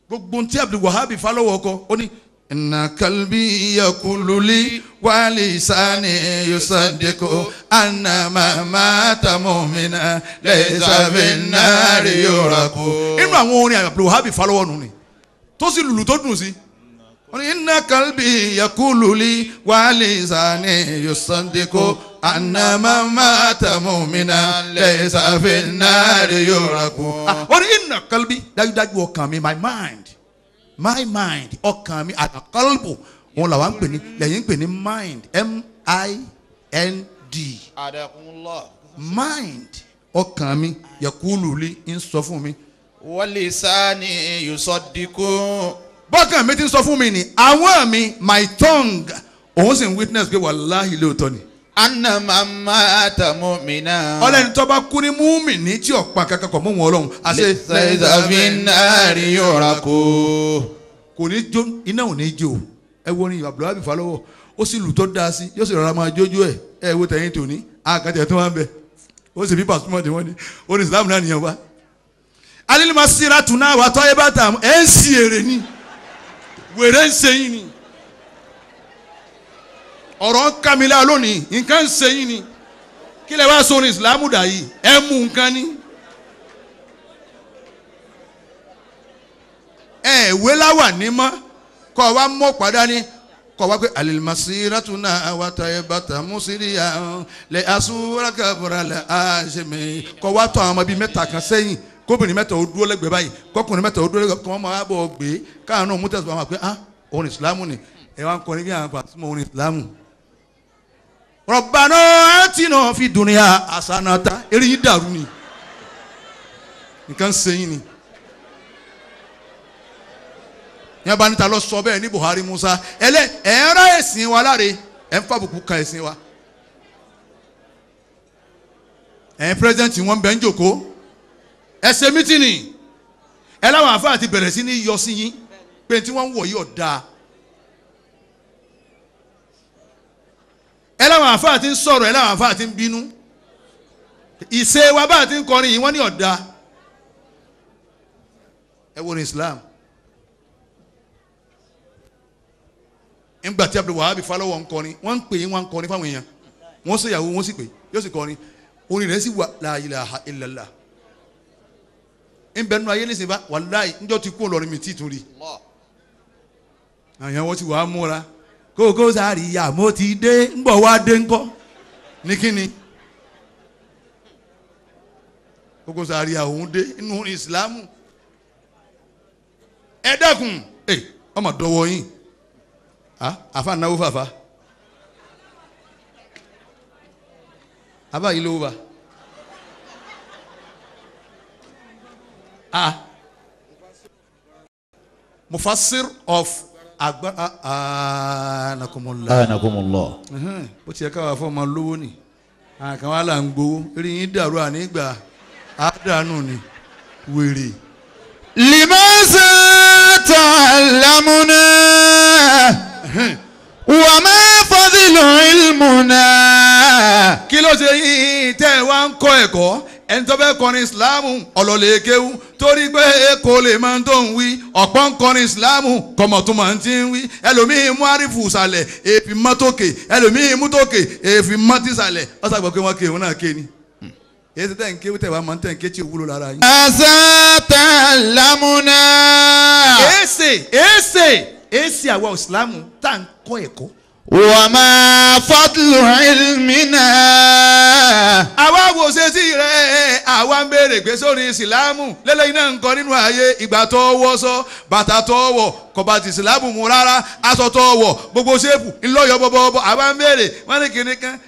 gbogbo ntí Abdul Wahab falọwọ kọ ó ní. Inna kalbi yakululi walisani yusadiku anna mama tamumina lẹsabi nari yoraku. inú àwọn orin Abdul Wahab falọwọ nù ni tó sì lùlù tó dùn sí. Si inna kalbi yakululi walizani yusandiku annama mata mumina laysa fi nari yuraku. ó ah, inna kalbi dájúdájú ọkàn mi my mind my mind ọkàn mi kalbu òun làwọn ń pè ní lẹ́yìn ń pè ní mind m-i-n-d mind ọkàn mi yakululi ń sọ fún mi. walisani yusadiku bọ́kàn mi ti ń sọ fún mi ni àwọn mi my tongue òun sì ń witness pé wàláhì lóòótọ́ ni. anna mama tamu mina. ọlẹ́ni tó bá kú ní múmi ní tí ọ̀pá kankan kọ̀ mú wọn ọlọ́run. àṣẹ lẹ́sàfin náàrin yọ̀ra kó. kò ní jó iná ò ní jó ẹ wo ni Abdul Wahab Fálọ́wọ̀ ó sì lù tó dáa sí yóò sì rọra máa jójú ẹ ẹ wo tẹ̀yìn tòní àkàtẹ̀ tó máa ń bẹ ó sì bí pàṣípàṣí tí wọ́n ní ó ní Islam náà nìyẹn wá. alílùmọ̀ síra tún náà wà tọ́ ẹ bá tà ẹ ń sì èrè ni wèrè ń ṣe yín ni ọ̀rọ̀ ń kà mí lá lónìí nǹkan ń ṣe yín ni kí lè wá sọ ní ìsìlámù dà yìí ẹ mú nǹkan ni. ẹ ìwé láwà ní mọ́ kọ́ wa mọ́ padà ni kọ́ wa pé alilmasiratuna awataye bata musiriya lẹ asúra kabura lẹ àṣemẹ kọ́ wa tọ́ àwọn ọmọ bíi mẹ́ta kan sẹ́yìn kóbìnrin mẹ́ta ó dúró lẹ́gbẹ̀ẹ́ báyìí kọkùnrin mẹ́ta ó dúró lẹ́gbẹ̀ẹ́ kọ́ ọmọ abọ́ gbé káàánú mú tẹ̀sán àwọn àpé ah òun ìsìlámù ni ẹ wá ń kọrin bí àwọn àpàtúmọ̀ òun ìsìlámù. rọ̀bànà àtinà fi dùnìyà àsànàta eré yín dàrú ni nǹkan sẹ́yìn ni. yẹn bá níta lọ sọ bẹ́ẹ̀ ní Buhari Musa ẹlẹ́ ẹ̀ ń rá ẹ̀sìn wa láre ẹ̀ ń fàbùkù kan ẹ̀sìn wa. ẹ̀yin pírẹ́sidẹ̀ntì wọn bẹ́ẹ̀ ń jòkó ẹ ṣe mítìnì ẹ láwọn àfáà ti bẹ̀rẹ̀ sí ní yọ sí yín pé tí wọ́n ń yí ọ̀dà ẹ láwọn àfáà ti ń sọ̀rọ̀ ẹ láwọn àfáà ti ń bínú ìṣe wa bá ti ń kọrin yìí wọ́n ní ọ̀dà ẹ wo ní Islam ńgbà tí Abdul Wahab Fálọ́wọ̀ ń kọrin wọ́n ń pè yín wọ́n ń kọrin fáwọn èèyàn wọ́n sì yàwó wọ́n sì pè yóò sì kọrin orin rẹ̀ sì wà la ilaha illallah nbẹ nínú ayé nísìnyí bá wàláyé ti kú Ìlọrin mi tí tún rí. àyàn ti wàá múra kókó sáríyá ti dé ńbọ̀ wá dé ńkọ́ ní kíni kókó sáríyá òun dé inú ìsìlámù ẹ dẹ́kun ẹ ọmọ dọwọ yín ah, àfa náwó àbá yìí ah mufasir of agba anakumula anakumula bó tiẹ̀ káwá fọ́ ọmọ lówó ni àkàn wà là ń gbowó eré yín dàrú ànígbà àdánù ni wèrè. limasa ta'lamuna wa ma fadhilu ilmuna. kí ló ṣe yín tẹ́ wá ń kọ́ ẹ̀kọ́ ẹni tó fẹ́ kọrin ìsìláàmù ọ̀lọ́lẹ̀ kéwú torí pé èkó lè máa ń tó ń wí ọ̀pọ̀ ń kọrin ìsìláàmù kọ̀mọ̀ tó máa ń ti ń wí ẹlòmíì mú àrífù sàlẹ̀ èéfì mọ́ tókè ẹlòmíì mú tókè èéfì mọ́ ti sàlẹ̀ ọ̀sà gbọ́ pé wọ́n kéwú náà ké ni èyí tẹ́ ń kéwú tẹ̀wá máa ń tẹ̀ ń ké tí ò lára yín. àṣà tẹ̀ lámúná. èsè èsè èsè àwa ìsìláàmù وما فضل علمنا. àwa wò ṣe rẹ̀ àwa ń béèrè pé sórí ìsìlámù lẹ́lẹ́yìn nínú ayé ìgbà tó bata bàtà tó wọ̀ kọ̀bà tí ìsìlámù mu gbogbo ṣéèpù ńlọ́yọ̀ bọ́bọ́bọ́ àwa ń béèrè wọ́n ní kinní kan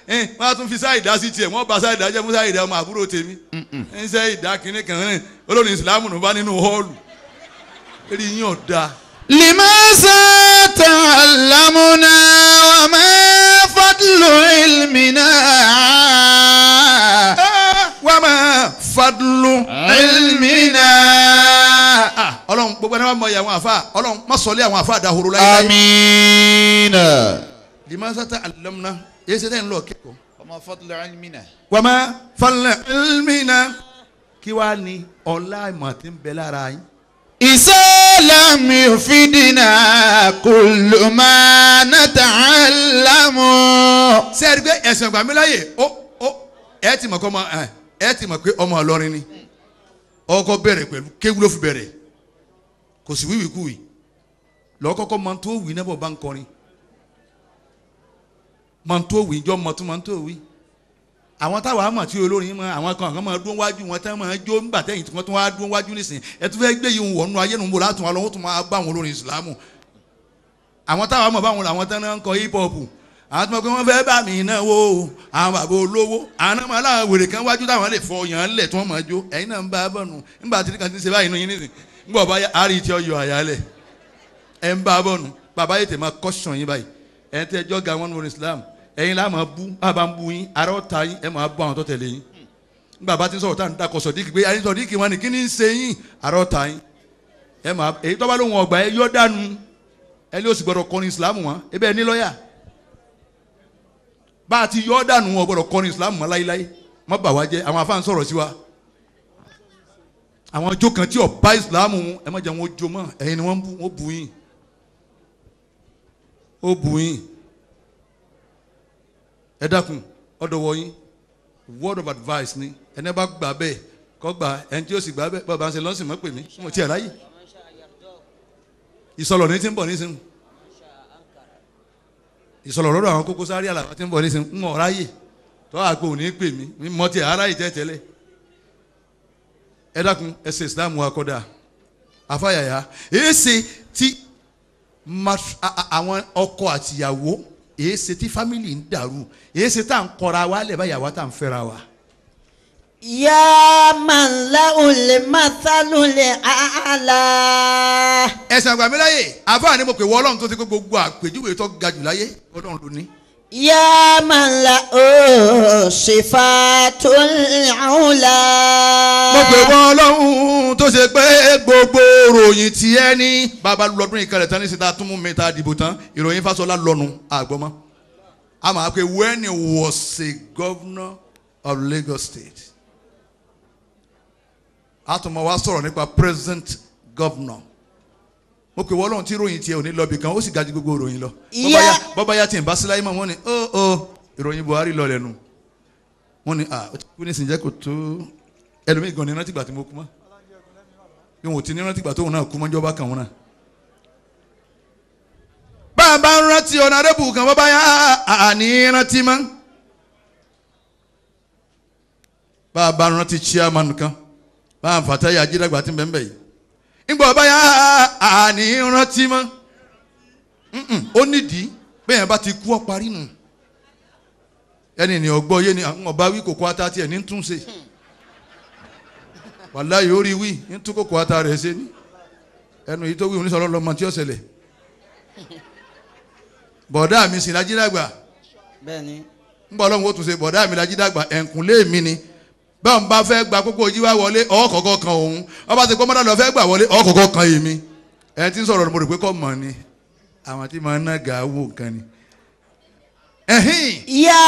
ọmọ àbúrò kan لماذا تعلمنا وما فضل علمنا وما فضل علمنا ọlọ́run gbogbo ẹni wàá mọ ìyàwó àfa ọlọ́run má sọlé àwọn àfa àdàhoro láyé. amiina. limasata alamuna yéé sẹ́tẹ̀ ń lọ kẹ́kọ̀ọ́. wàmà fadla ilmina. wàmà fadla ilmina. kí wàá ní ọlá ìmọ̀ ń bẹ lára yín. ìṣe. لم يفيدنا كل ما نتعلم. sẹ́ẹ̀rì pé ẹ̀sìn ọ̀gbà mi láyè ó ó ẹ ti mọ̀ kọ́ ọmọ ẹ ti mọ̀ pé ọmọ ọlọ́rin ni ọkọ bẹ̀rẹ̀ pẹ̀lú kéwú ló fi bẹ̀rẹ̀ kò sí wíwì kúwì lọ́kọ́kọ́ máa tó wì náà bọ̀ bá ń kọrin máa tó wì jọ́ máa tó máa tó wì àwọn táwa mọ̀ tí olórin mọ àwọn kan kan mọ̀ dún wájú wọn tán mọ̀ jó nígbà tẹ́yìn tí wọ́n tún wá dún wájú nísìn ẹ tún fẹ́ gbé yìí wọnú ayé nùbọ̀ látún wọn lọ́wọ́ tún máa bá àwọn olórin ìsìlámù àwọn táwa mọ̀ báwọn làwọn tán náà ń kọ hip hop àwọn tó mọ̀ pé wọ́n fẹ́ bá mi náà wo àwọn bàbá olówó àwọn ọmọ aláwọ̀ wèrè kan wájú táwọn lè fọ yàn lẹ̀ tí wọ́n mọ̀ jó ẹ̀yin náà ń bá bọ̀nù nígbà tí kan ti ń ṣe báyìí nìyí nìyí nígbà bá àárí tí ọyọ àyálẹ̀ ẹ̀ ń bá bọ̀nù bàbá yìí tẹ̀ máa kọ́ṣọ̀yìn báyìí ẹ̀ ń tẹ́jọ́ ga wọn ní Islam ẹ̀yin la máa bú àbá ń bú yín ara ọ̀ta yín ẹ̀ máa bú àwọn tó tẹ̀lé yín nígbà bá ti ń sọ̀rọ̀ tá à ń dakọ̀ sọ̀díkì pé ayé sọ̀díkì wọn ni kí ni ń ṣe yín ara ọ̀ta yín ẹ̀ máa èyí tó bá lóun ọgbà ẹ yọ dànù ẹ lé òsì gbọdọ̀ kọrin ìsìlámù wọn ẹ bẹ́ẹ̀ ní lọ́ọ̀yà bá a ti yọ dànù wọn gbọdọ̀ kọrin ìsìlámù wọn láíláí má bà wá jẹ́ àwọn afáàn sọ̀rọ̀ sí wa àwọn ọjọ́ kan tí ò bá ìsìlámù ẹ má jẹ́ wọn ó jó mọ́ ẹ̀yin ni wọ́n bú yín ó bú yín ẹ dákun ọ̀dọ̀ wọ̀nyí word of advice ni ẹni bá gbà bẹ́ẹ̀ kọ́ gbà ẹni tí ó sì gbà bẹ́ẹ̀ bàbá ń ṣe lọ́sìn mọ́ pè mí mo ti ẹ̀ láyè ìsọlọ̀ ní ti ń bọ̀ nísìnyí ìsọlọ̀ lọ́dọ̀ àwọn Koko Zaria àlàbà ti ń bọ̀ nísìnyí ń ọ̀rá yè tọ́ àgbo ò ní pè mí mi mọ́ ti ara yìí tẹ́tẹ́lẹ̀ ẹ dákun ẹ ṣe Islam wa kọ́ da àfàyàyà èsì ti àwọn ọkọ àtìyàwó èé ti family fámìlì ń dàrú èé ṣe à ń kọra wa lẹ̀ báyà wa ń fẹ́ra wa. yá màá la olè máa sálù lè àlà. ẹ̀sìn àgbà mi láyè àbá ni mo pè wọ́ ọlọ́run tó ti pé gbogbo àpèjúwe tó ga jù láyé ọlọ́run ló ní. يا من له صفات العلا. mo pè wọ́n ọlọ́run tó ṣe pé gbogbo ròyìn tí ẹ ní bàbá lọ́dún ìkẹlẹ̀ tán ní síta tún mú mi ta dìbò tán ìròyìn Fáṣọlá lọ́nu àgbọ̀mọ́ a máa pe when he was a governor of Lagos State a tún máa wá sọ̀rọ̀ nípa present governor mo pè wọ́n lọ́run tí ròyìn tiẹ̀ ò ní lọ́bì kan ó sì ga ju gbogbo ròyìn lọ. ìyá bọ́báyá tí n bá síláyé mọ̀ wọ́n ni ó ó ìròyìn Buhari lọ lẹ́nu wọ́n ni ah ó ti kú nísìnyí jẹ́ kó tó ẹlòmíì gan ni rántí gbà tí mo kú mọ́ bí wọn ò ti ní rántí gbà tóun náà kú mọ́jọ́ bá kàn wọ́n náà. bá a bá ń rántí ọ̀nà àdébù kan bọ́báyá àní rántí mọ́ bá a bá ń rántí chairman kan bá a fàtàyà ajídàgbà tí ń bẹ́ẹ̀ bẹ́ẹ̀ yìí nígbà ọba yà á ní rántí mọ́ ó nídìí bẹ́ẹ̀ bá ti kú ọ parí nù ẹni ní ọgbọ́ yé ni àwọn ọba wí kòkó ata tiẹ̀ ní tún ṣe wàláyé orí wí ní tún kòkó ata rẹ̀ ṣe ní ẹnu yìí tó wí oníṣòro lọ́mọ tí ó ṣẹlẹ̀ bọ̀dá mi sì lají dàgbà ń bọ̀ ọlọ́run ó tún ṣe bọ̀dá mi lají dàgbà ẹ̀ǹkùnlé mi ni báwọn bá fẹ́ gba kókó ojú wa wọlé kan òun ọba ti gbọ́mọdé lọ fẹ́ gbà wọlé ọ̀kọ̀ọ̀kọ̀ kan èmi ẹni ti sọ̀rọ̀ mo rò ni àwọn ati máa ń ná ga kan ni. yá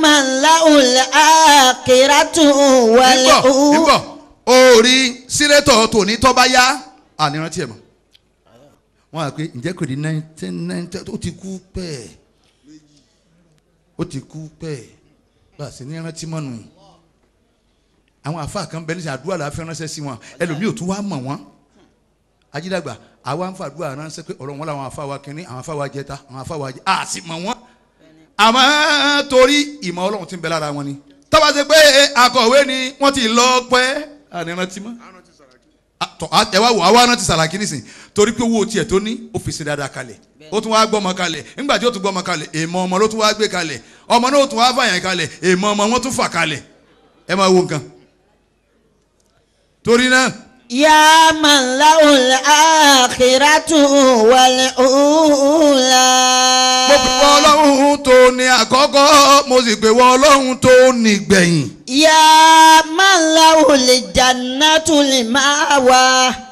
màá àkèrà tún wọlé o. nígbọ̀ orí àwọn àfa kan bẹ́ẹ̀ nísìnyí àdúrà la fi ránṣẹ́ sí wọn ẹlòmíì ò tún wá mọ̀ wọ́n ajídàgbà àwa ń fàdúrà ránṣẹ́ pé ọ̀rọ̀ wọn làwọn àfa wa kínní àwọn àfa wa jẹta àwọn àfa wa jẹ àti mọ̀ wọ́n àmọ́ torí ìmọ̀ ọlọ́run ti ń bẹ lára wọn ni tọ́ba ṣe pé akọ̀wé ni wọ́n ti lọ pẹ́ ànírántí mọ́ ẹ wá wò àwa náà ti sàràkí nísìn torí pé owó tiẹ̀ tó ní ó fi ṣe dáadáa kalẹ̀ ó tún wá gbọ́mọ kalẹ̀ nígbà tí ó tún gbọ́mọ kalẹ̀ èèmọ̀ ọmọ ló tún wá gbé kalẹ̀ ọmọ náà ó tún wá fàyàn kalẹ̀ èèmọ̀ ọmọ wọn tún fà kalẹ̀ ẹ máa wo nǹkan torí náà. Ya man lahul akhiratu wal ula. Mo fi wọ Ọlọ́run tó ní àkọ́kọ́, mo sì pè wọ Ọlọ́run tó ní gbẹ̀yìn. Ya man lahul jannatu li ma'wa.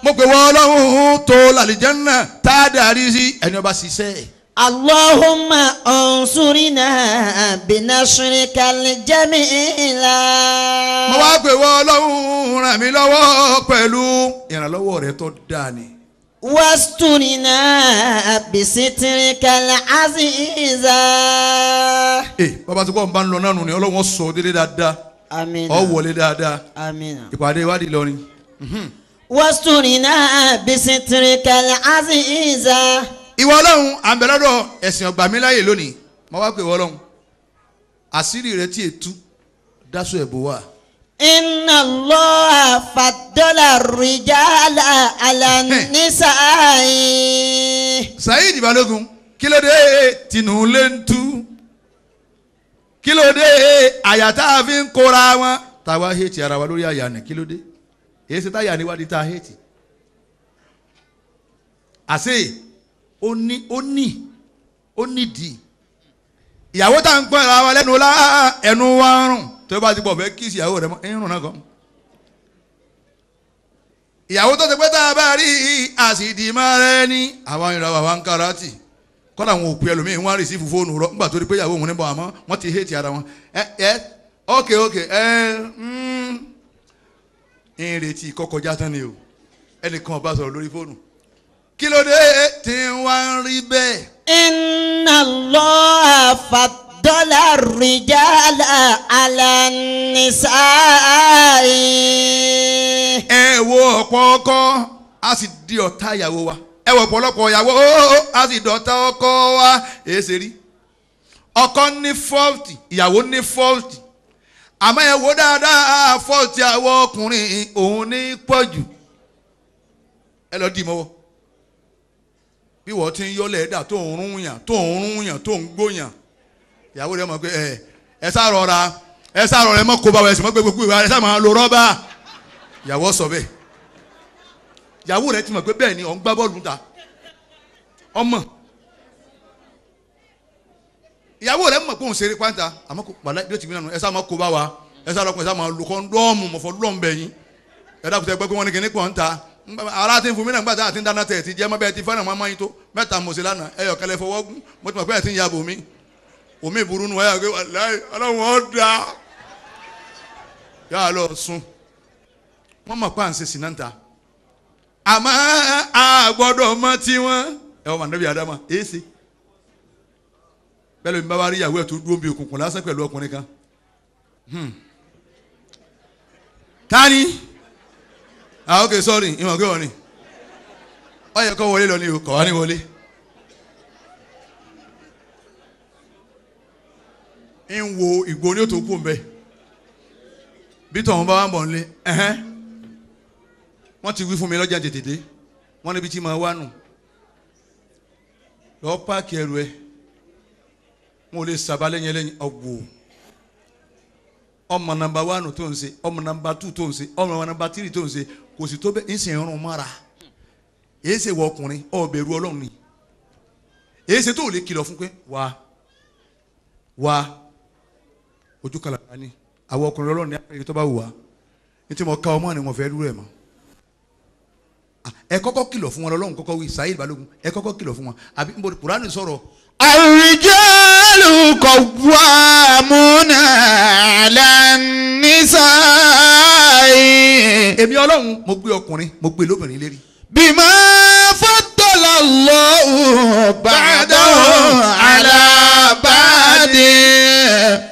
Mo pè wọ Ọlọ́run tó làlìjánná tá a darí sí ẹni ọba ṣiṣẹ́. اللهم انصرنا بنصرك الجميل. mo wá pè wọ́ ọlọ́run ràn mí lọ́wọ́ pẹ̀lú ìrànlọ́wọ́ rẹ tó dáa ni. واسترنا بسترك العزيز. ẹ bàbá tí kò ń bá ń lọ náà nù ni ọlọ́run sọ délé dáadáa. amina ọ wọlé dáadáa. amina ìpàdé ìwádìí lọrin. واسترنا بسترك العزيز ìwọ ọlọ́run àbẹ̀lọ́dọ̀ ẹ̀sìn ọgbà mi láyè lónìí mo wá pè wọ́ ọlọ́run àṣírí rẹ tí ètú dáṣọ ẹ̀bù wà. inna Allaha faddala rijala ala nisa'i. Saheed Balogun kí ló dé tinú lé ń tú kí ló dé àyà tá a fi ń kóra wọn táwa hẹ́ẹ̀tì ara wa lórí àyà ni kí ló dé èyí ṣe táyà níwádìí tá a hẹ́ẹ̀tì àṣeyìí ó ní ó ní ó nídìí ìyàwó tá à ń pọ́n ara wa lẹ́nu la ah, ah, ah, ẹnu wa ń rùn tó bá ti bọ̀ fẹ́ kí ìyàwó rẹ mọ́ ń rùn náà kọ́ ìyàwó tó ti pẹ́ tá a bá rí àsìdì máa rẹ ní àwọn ìràwọ̀ àwọn kára tì kọ́lá àwọn òpin ẹlòmíín wọ́n á rìsífù fóònù rọ nígbà tó rí pé ìyàwó òun ní bọ̀ àmọ́ wọ́n ti hétì ara wọn ẹ ẹ okay okay ẹ mm, ń retí kọ́kọ́já tán ni o ẹnìkan ọba sọ̀rọ̀ lórí fóònù kí ló dé tí wọ́n rí bẹ́ẹ̀. inna Allah faddala rijala ala nisa'i. ẹ wo ọ̀pọ̀ ọkọ a sì di ọ̀tá ìyàwó wa ẹ wo ọ̀pọ̀lọpọ̀ ìyàwó a sì dọ̀tá ọkọ wa èé ṣe rí ọkọ ní fọ́ọ̀tì ìyàwó ní fọ́ọ̀tì àmọ́ ẹ wo dáadáa fọ́ọ̀tì àwọn ọkùnrin òun ní pọ̀jù ẹ lọ dì mọ́wọ́ bí wọ́n ti ń yọ́lẹ̀ ẹ̀dá tó ń rún yàn tó ń rún yàn tó ń gbó yàn ìyàwó rẹ mọ̀ pé ẹ ẹ sá ẹ sá rọra mọ̀ kó bá wa ẹ sì mọ̀ pé gbogbo ìwà rẹ sá máa lo rọ́bà ìyàwó sọ bẹ́ẹ̀ ìyàwó rẹ ti mọ̀ pé bẹ́ẹ̀ ni ọ̀ ń gbá bọ́ọ̀lù ta ọmọ ìyàwó rẹ mọ̀ pé òun ṣeré pátá àmọ́ kò wàlá ìdílé tìmí náà ẹ sá máa kó bá wa ẹ sá lọkùnrin ẹ máa lo kọ́ńdọ́ọ̀mù mọ̀fọ́ lọ́ọ̀mù bẹ̀yìn ẹ dákùtà ẹgbẹ́ pé ara ti ń fún mi náà nígbà tá a ti ń dáná tẹ̀ ti jẹ́ mọ́ bẹ́ẹ̀ ti fẹ́ràn máa máyín tó mẹ́ta mọ̀sí lánàá ẹ̀yọ̀ kẹlẹ́ fọwọ́ gún mo ti mọ̀ pé ẹ̀ ti ń yabò mí omi ìburú nu ẹ̀yọ̀ pé láì ọlọ́run ó da yà á lọ sùn wọ́n mọ̀ pé à ń ṣe sìnà ń ta àmọ́ a gbọ́dọ̀ mọ tiwọn ẹ̀ wọ́n màdàbí adama èsì bẹ́ẹ̀ lómi bábá rí ìyàwó ẹ̀ tó dúró bí òkùnkùn lásán pẹ̀lú ọkùnrin kan tani. Hmm. ah ok sorry ìmọ̀ pé wọ́n ni ọ yẹ kó wọlé lọ ní o kọ̀ wá ní wọlé. wo ìgbó ní òtò kù mbẹ bí tọ̀hún bá wà ń bọ̀ nílé wọ́n ti wí fún mi lọ́jà tètè wọ́n níbi tí màá wà nù páàkì wọn ò lè sábà lẹ́yìn ẹlẹ́yìn ọmọ nàmbà tó ń ọmọ nàmbà tù tó ń kò sì tó bẹ́ẹ̀ ìsìn irun mọ́ra èyí ṣe wọ ọkùnrin ọ̀bẹ̀rù ọlọ́run ni èyí ṣe tó lè kìlọ̀ fún pé wà wà ojú kàlàkà ni àwọn ọkùnrin ọlọ́run ní akẹ́kẹ́ tó bá wù wá ní tí mo ká ọmọ ni mo fẹ́ rú ẹ̀ mọ́ ẹ kọ́kọ́ kìlọ̀ fún wọn lọ́lọ́run kọ́kọ́ wí Saheed Balógun ẹ kọ́kọ́ kìlọ̀ fún wọn àbí n bolo kùránì sọ̀rọ̀. àrùjẹ́ ló kọ̀ wá múnà èmi ọlọ́run mo gbé ọkùnrin mo gbé lóbìnrin lérí. bímọ fọdọlà lọ bàdà alábàdé.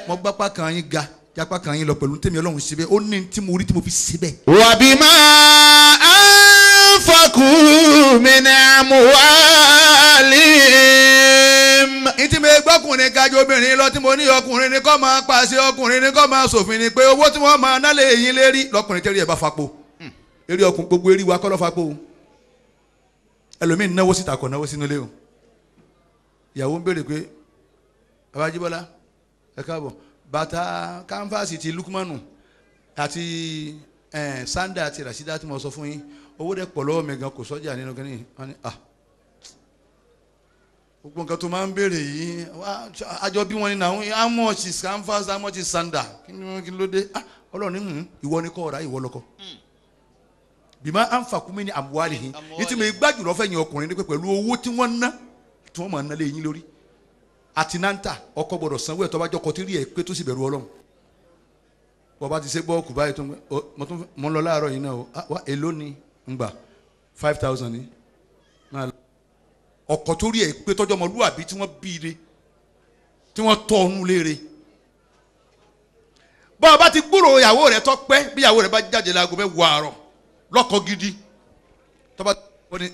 mo gbapá kan yín ga japa kan yín lọ pẹ̀lú tèmi ọlọ́run ṣe bẹ́ẹ̀ ó ní tí mo rí tí mo fi ṣe bẹ́ẹ̀. wà bí máa ń fọkù mi ní àmúhálì. ìtì mi gbọ́kùnrin gajù obìnrin lọ tí mo ní ọkùnrin ni kó máa pàṣẹ ọkùnrin ni kó máa ṣòfin ni pé owó tí wọ́n máa nálẹ̀ yín lérí lọkùnrin tẹ́lẹ̀ ẹ̀ bá fapò. eri ọkùn gbogbo eré wa kọ́lọ́ fagbó ẹlòmíì náwó síta kọ náwó sínú ilé o ìyàwó ń béèrè pé ẹ bàtà kánfàsì ti lukumanu àti sanda àti rasida ati mo sọ fún yín owó dẹ̀ pọ̀ kò nínú kínní wọn ni ah gbogbo nǹkan tó máa ń béèrè yìí àjọ ni na how much is canvas how much is sanda kí ah bìmọ anfakumi ni amuwalihin ìtumọ̀ ìgbàjù lọ́fẹ̀ẹ́ yẹn ọkùnrin ní pé pẹ̀lú owó tí wọ́n ná tí wọ́n máa ná lé yín lórí àti náńtà ọkọ gbọdọ̀ sanwó ẹ̀ tó bá jọ kọtí rí ẹ̀ pé tó sì bẹ̀rù ọlọ́run bọ́ba ti ṣe bọ́ kù báyìí tó ń mọ tó mọ lọ láàárọ̀ yìí náà wá èló ni ń gbà five thousand ni ọkọ tó rí ẹ̀ pé tọ́jọ́ ọmọ lúwàbí tí wọ́n bí ire tí wọ́n tọ́ ọ̀nù léere bọ́ba ti gbúròó ìyàwó rẹ̀ tọ́pẹ́ bí ìyàwó rẹ̀ bá jáde láago mẹ́wàá àárọ̀ lọ́kọ gidi tọ́ba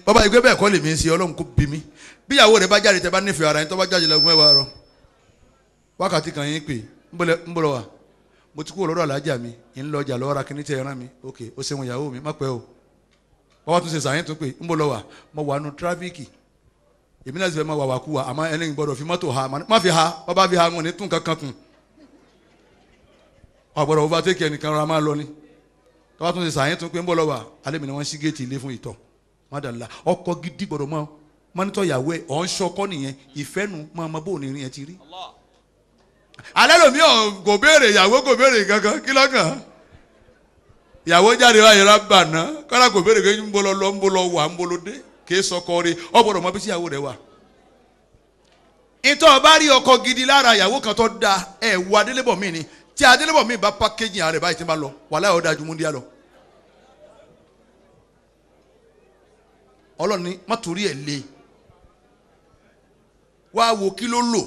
bàbá ìgbé bẹ́ẹ̀ kọ́ lè mí sí ọlọ́run kò bí mi bíyàwó rẹ̀ bá jáde tẹ́ bá ara yín tọba jáde rọ wákàtí kan yín pè ń bọ̀lọ̀ wa mo ti kú alájà mi ń lọ ọjà lọ́wọ́ tẹ mi ó mi má o bàbá tún ṣe sàyẹn pè mo wà nù èmi náà fẹ́ máa wà ha má fi ha bàbá ha wọn tún kankan overtake ẹnìkan máa lọ ni. tọ́wọ́ tún ṣe sàyẹn tún pé ń bọ̀ lọ́wọ́ alẹ́ mi ni wọ́n ṣí fún ìtọ̀ ọkọ gidi gbọ́dọ̀ mọ́ mọ́nítọ̀ ìyàwó ẹ̀ ọ̀hún ṣọkọ́ nìyẹn ìfẹ́ mọ́ ọmọ bóun ti rí. alẹ́ lomi ọ̀ kò béèrè ìyàwó kò béèrè kí lọ́kàn ìyàwó jáde wáyé kọ́lá kò béèrè pé ń ń wà ń dé sọkọ rí ọ gbọ́dọ̀ tí adélébọ̀ mi bá pákéjì ààrẹ báyìí tí ma lọ wàhálà yóò dájú múndíá lọ. ọlọ́ni má torí ẹ̀ lé wá wo kí ló lò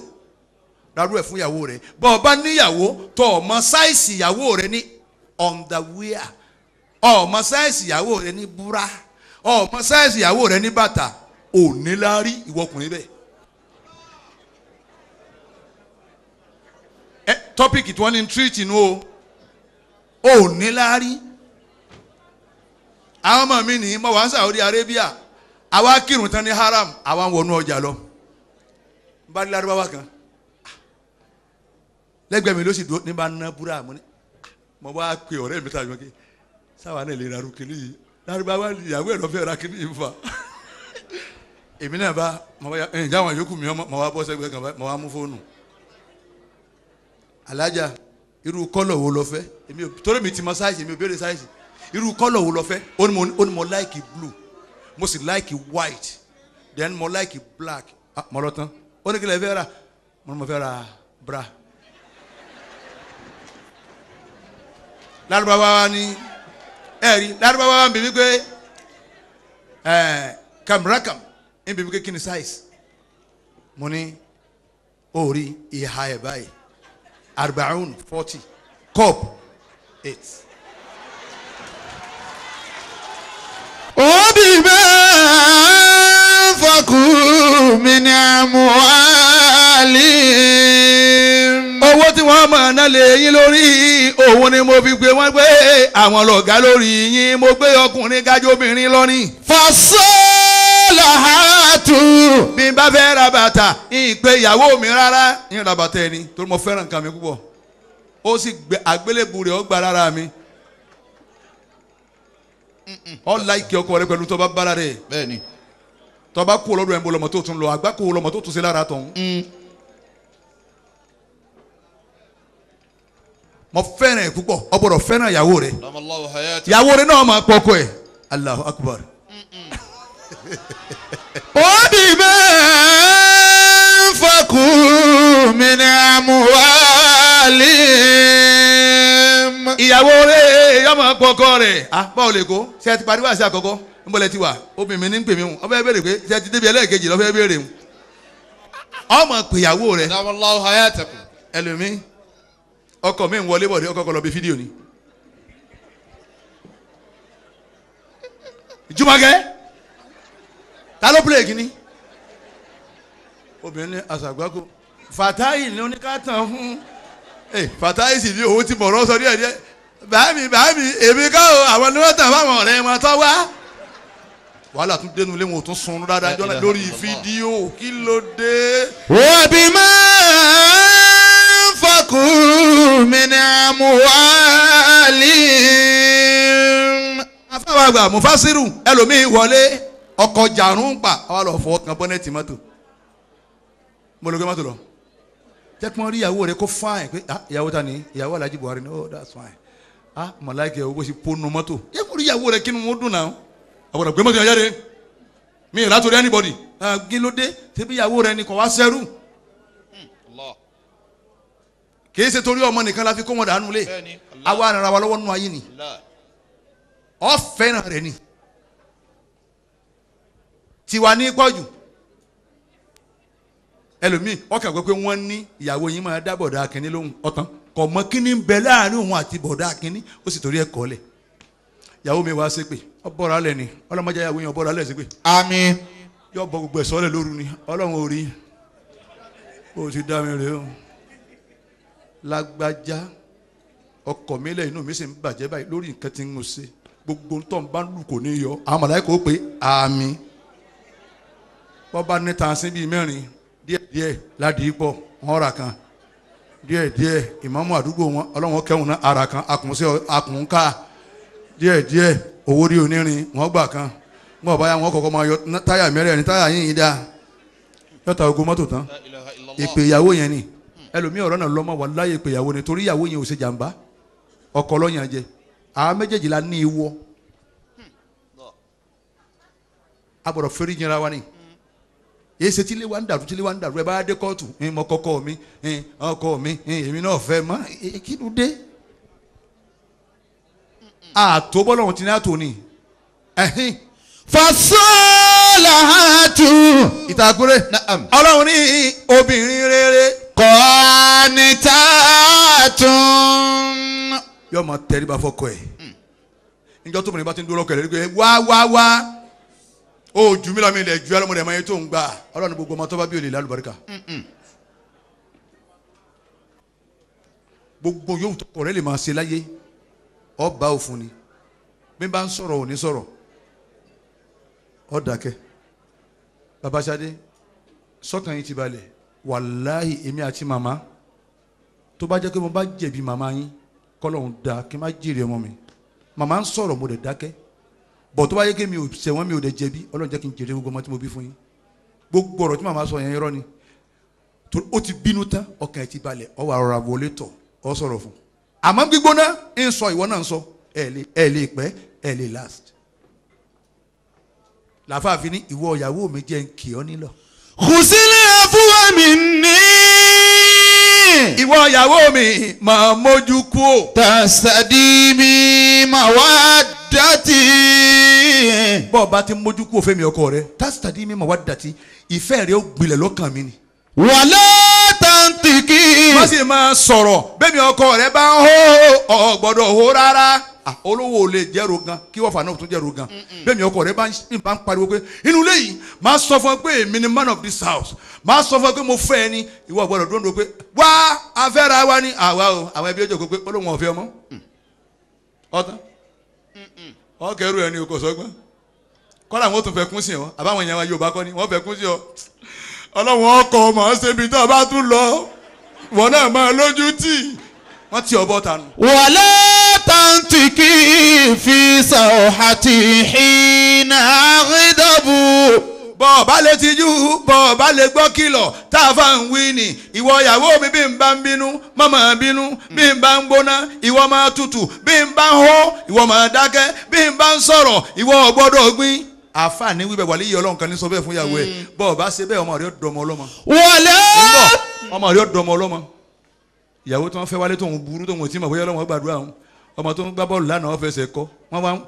rárú ẹ̀ fún ìyàwó rẹ̀ bọ́ ọ bá níyàwó tó ọmọ sáìsì ìyàwó rẹ̀ ní underwear ọmọ sáìsì ìyàwó rẹ̀ ní búra ọmọ sáìsì ìyàwó rẹ̀ ní bàtà òní láárí ìwọkùnrin bẹ́ẹ̀. topic tí wọ́n ní o ò ní ọmọ mi nìyí mọ wá orí Arabia àwa kírun tán ní haram àwa ń ọjà lọ n bá kan lẹ́gbẹ̀ẹ́ mi ló sì dúró ní bá ná búra mo ní bá pe ọ̀rẹ́ mi tàbí ọkẹ sáwa náà lè ra rukiri yìí ìyàwó ra yìí fa èmi náà bá ǹjẹ́ àwọn yòókù mi wá bọ́ sẹ́gbẹ̀ẹ́ kan wá Alaja, irú kọ́lọ̀ wo lọ fẹ́ èmi ò torí mi ti mọ sáìsì èmi ò béèrè sáìsì irú kọ́lọ̀ wo lọ fẹ́ ó ní mo ó ní mo láìkì blue mo sì láìkì white then mo like black mo lọ tán ó ní kí lè fẹ́ rà mo ní mo fẹ́ rà bra. lárúbáwá wa ní ẹ̀rí lárúbáwá wa ń bèbí pé kàmúrákàm ń bèbí pé kí ni sáìsì mo ní orí ìhà ẹ̀ báyìí arbaun forty cup eight. òbí bẹ́ẹ̀ fọkù mi ní àmúhálì. owó tí wọ́n mọ̀ náà lè yín lórí òun ni mo fi gbé wọ́n pé àwọn lọ̀gá lórí yín mo gbé ọkùnrin gájú obìnrin lọ́ní. fasọ́lá ha tú. bí n bá fẹ́ ra bàtà ìpè ìyàwó mi rárá ń ra bàtà ẹni torí mo fẹ́ràn nǹkan mi púpọ̀ ó sì gbé àgbélébù rẹ̀ ó gba rárá mi ó láìkì ọkọ rẹ pẹ̀lú tọ́ba bára rẹ̀ bẹ́ẹ̀ni tọ́ba kú olódò ẹ̀ ń bọ̀ lọ́mọ tó tún lọ àgbá kú olómọ tó tún sí lára tọ̀hún. Mm. mo fẹ́ràn ẹ̀ púpọ̀ o gbọ́dọ̀ fẹ́ràn ìyàwó rẹ̀ ìyàwó rẹ̀ náà máa pọ̀ ọkọ ẹ̀ Allahu Akbar. وبما أنفقوا من أموالهم ìyàwó rẹ̀ yọmọ kọkọ rẹ̀ ah, báwo lè kó ṣe ti parí wá sí àkọ́kọ́ nbọlẹ ti wà obìnrin ní ń pè mí wọn fẹ́ pé ṣe ti débi ẹlẹ́ẹ̀kejì lọ fẹ́ wọn ọmọ pèyàwó rẹ ẹlòmí ọkọ mi ń wọlé ọkọ kọlọ bí fídíò ni Jùmọ̀kẹ́. ta ló play kínní obìnrin ní àṣàgbákò fàtáì ní oníkàtàn fún eh, fàtáì sì ní òun ti mọ̀rọ̀ sọ díẹ̀ díẹ̀ bàámi bàámi èmi ká o àwọn ni wọ́n tàn fáwọn ọ̀rẹ́ wọn tó wá wàhálà tún dénú lé wọn tún sunrun dáadáa jọ́lá lórí fídíò kí ló dé. òbí máa ń fọkùn mi ní àmúhálì. afáwàgbà mufasiru ẹlòmíín wọlé ọkọ̀ jàrún pa àwa lọ fọwọ́ kan bọ́nẹ́ẹ̀tì mọ́tò mo lọ gbé mọ́tò lọ tẹ́kùn rí ìyàwó rẹ kó fáìn pé ah ìyàwó ta ni ìyàwó Alhaji Buhari ni oh that's fine ah mọ̀láìkì ẹ̀ owó sì pónú mọ́tò tẹ́kùn rí ìyàwó rẹ kí ni mo dùn náà àwọn ọ̀gbẹ́ mọ́tò yẹn jáde mi ì látòrí anybody ah, kí ló dé tẹ́bí ìyàwó rẹ ni kò wá sẹ́rù hmm, kì í ṣe torí ọmọ nìkan la fi kó wọn dànù lé àwa ara wa nù ayé ni ọ̀fẹ́ràn rẹ ni tiwa ní pọ̀jù ẹlòmíì ọkàn pé pé wọ́n ní ìyàwó yín máa dá bọ̀dá akínní lóhùn ọ̀tán kò mọ kínní ń bẹ láàrin òun àti bọ̀dá akínní ó sì torí ẹ̀ kọ́ lẹ̀ ìyàwó mi wá ṣépè ọbọ̀rọ̀ alẹ̀ ni ọlọ́mọdé ìyàwó yẹn ọbọ̀rọ̀ alẹ̀ ṣépè. àmín. yóò bọ gbogbo ẹ̀sọ́ lẹ̀ lóru ni ọlọ́run ò rí o ti dá mi rè o lágbájá ọkọ mi lẹ́yìn inú mi sì ń bàjẹ́ báyìí lórí nǹkan tí ń ṣe gbogbo ń wọ́n bá ní tàǹsí bíi mẹ́rin díẹ̀díẹ̀ ládìí pọ̀ wọ́n rà kan díẹ̀díẹ̀ ìmáàmù àdúgbò wọn ọlọ́wọ́n kẹ́hùn náà ara kan akùnsí akùnká díẹ̀díẹ̀ owó rí onírin wọ́n gbà kan wọ́n bá yà wọ́n kọ́kọ́ máa yọ táyà mẹ́rẹ̀ẹ̀rin táyà yín yín dá yọta ogun mọ́tò tán ìpè ìyàwó yẹn ni hmm. ọ̀rọ̀ náà lọ́mọ wà láyé ìpè ìyàwó ni torí ìyàwó yẹn ò ṣe jàǹbá la ní Ese tí ilé wa ń dàrú tí ilé wa ń dàrú ẹ bá dé kóòtù mo kọkọ mi ọkọ mi èmi náà fẹ́ mọ kí ló dé àtòbọ́lọ́hún ti ní àtò ni ẹ̀hín. fasọ́lá tu. ìtàkùrẹ́ ọlọ́run ní obìnrin rere. kọ́ni tá a tún. yóò máa tẹríba fọ́kọ ẹ̀ hmm. níjọ́ tó mìíràn bá ti ń dúró lọ́kọ̀ ẹ̀ lẹ́gbẹ̀ẹ́ wá wá wá o jù mí lọ mi lẹ̀ ju alámọ̀dé ẹ̀mọ́ yẹn tó ń gbà ọlọ́run gbogbo ọmọ tó O bí olè lálùbáríkà. gbogbo yòówù tó kọ̀rẹ́ lè máa ṣe láyé ọba òfun ni bí n bá ń sọ̀rọ̀ ò ní sọ̀rọ̀ ọ dákẹ́ babasade sọ́kàn yín ti balẹ̀ wàláhì èmi àti màmá tó bá jẹ́ pé mo bá jẹ̀bi màmá yín kọ́lọ́hún da kí n má jèrè ọmọ mi màmá ń sọ̀rọ̀ mo lè dákẹ́ bọ̀ tó bá yẹ kí mi ò ṣẹ̀wọ́n mi ò dẹ̀ jẹ̀bi ọlọ́run jẹ́ kí n jèrè gbogbo ọmọ tí mo bí fún yín gbogbo ọ̀rọ̀ tí màmá sọ yẹn irọ́ ni ó ti bínú tán ọkàn ẹ̀ ti balẹ̀ ọ wà rọra wọlé tọ̀ ọ sọ̀rọ̀ fún àmọ́ gbígbóná ń sọ ìwọ náà ń sọ ẹ̀ lè pẹ́ ẹ̀ lè last làfáàfin ní ìwọ ìyàwó mi jẹ́ ń kì ọ́ nílọ. kùsílẹ̀ fún wa mi ní ìwọ ìyàwó mi máa mójú kú o. tàṣàdì mi máa wá dàtí. bọ́ọ̀ bá ti mójú kú òfin mi ọkọ rẹ tàṣàdì mi máa wá dàtí ìfẹ́ rẹ ó gbilẹ̀ lọ́kàn mi ni. wàlẹ́ tàǹtìkì. má sì máa sọ̀rọ̀ bẹ́ẹ̀ mi ọkọ rẹ bá ń hó ọ̀ hó rárá. Ah, olówó ò lè jẹ́rò gan kí wọ́n fà náà tún jẹ́rò gan bẹ́ẹ̀ mi ọkọ rẹ bá ń pariwo pé inú ilé yìí máa sọ fún ẹ pé èmi ni man of this house máa sọ fún ẹ pé mo fẹ́ ẹ ní ìwọ gbọ́dọ̀ dúró pé wá afẹ́ra wa ní àwa o àwọn ẹbí ọjọ́ pé olóhùn ọ̀fẹ́ ọmọ ọ̀tán ọ̀kẹ́rù ẹ ní o kò kọ́lá wọn tún fẹ́ kún sí ọ àbáwọn èèyàn wa Yorùbá kọ́ ni wọ́n fẹ́ kún sí ọ ọlọ́wọ́n ọkọ̀ máa ṣe ibi tá a bá tún lọ wọn náà máa lójú tì wọ́n ti ọ̀bọ tanu. wọ́lẹ́ تنتكي في صوحتي حين أغضب bọ́ ọ̀bá lè tijú bọ́ ọ̀bá lè gbọ́ kìlọ̀ tá a fà ń wí ni ìwọ ìyàwó mi bí n bá ń bínú má máa bínú bí n bá ń gbóná ìwọ máa tutù bí n bá ń hó ìwọ máa dákẹ́ bí n bá ń sọ̀rọ̀ ìwọ gbọ́dọ̀ gbìn. àfààní wíbẹ̀ wà léyìí ọlọ́run kan ní sọ bẹ́ẹ̀ fún ìyàwó ẹ̀ hmm. bọ́ ọ̀bá ṣe bẹ́ẹ̀ ọmọ rẹ̀ dọmọ ọlọ́mọ. wọlé ìyàwó tí wọ́n fẹ́ wálé tóun burú tóun ò tí ì mọ̀ bóyá ọlọ́run gbàdúrà òun ọmọ tó ń gbá bọ́ọ̀lù lánàá wọ́n kọ́ wọ́n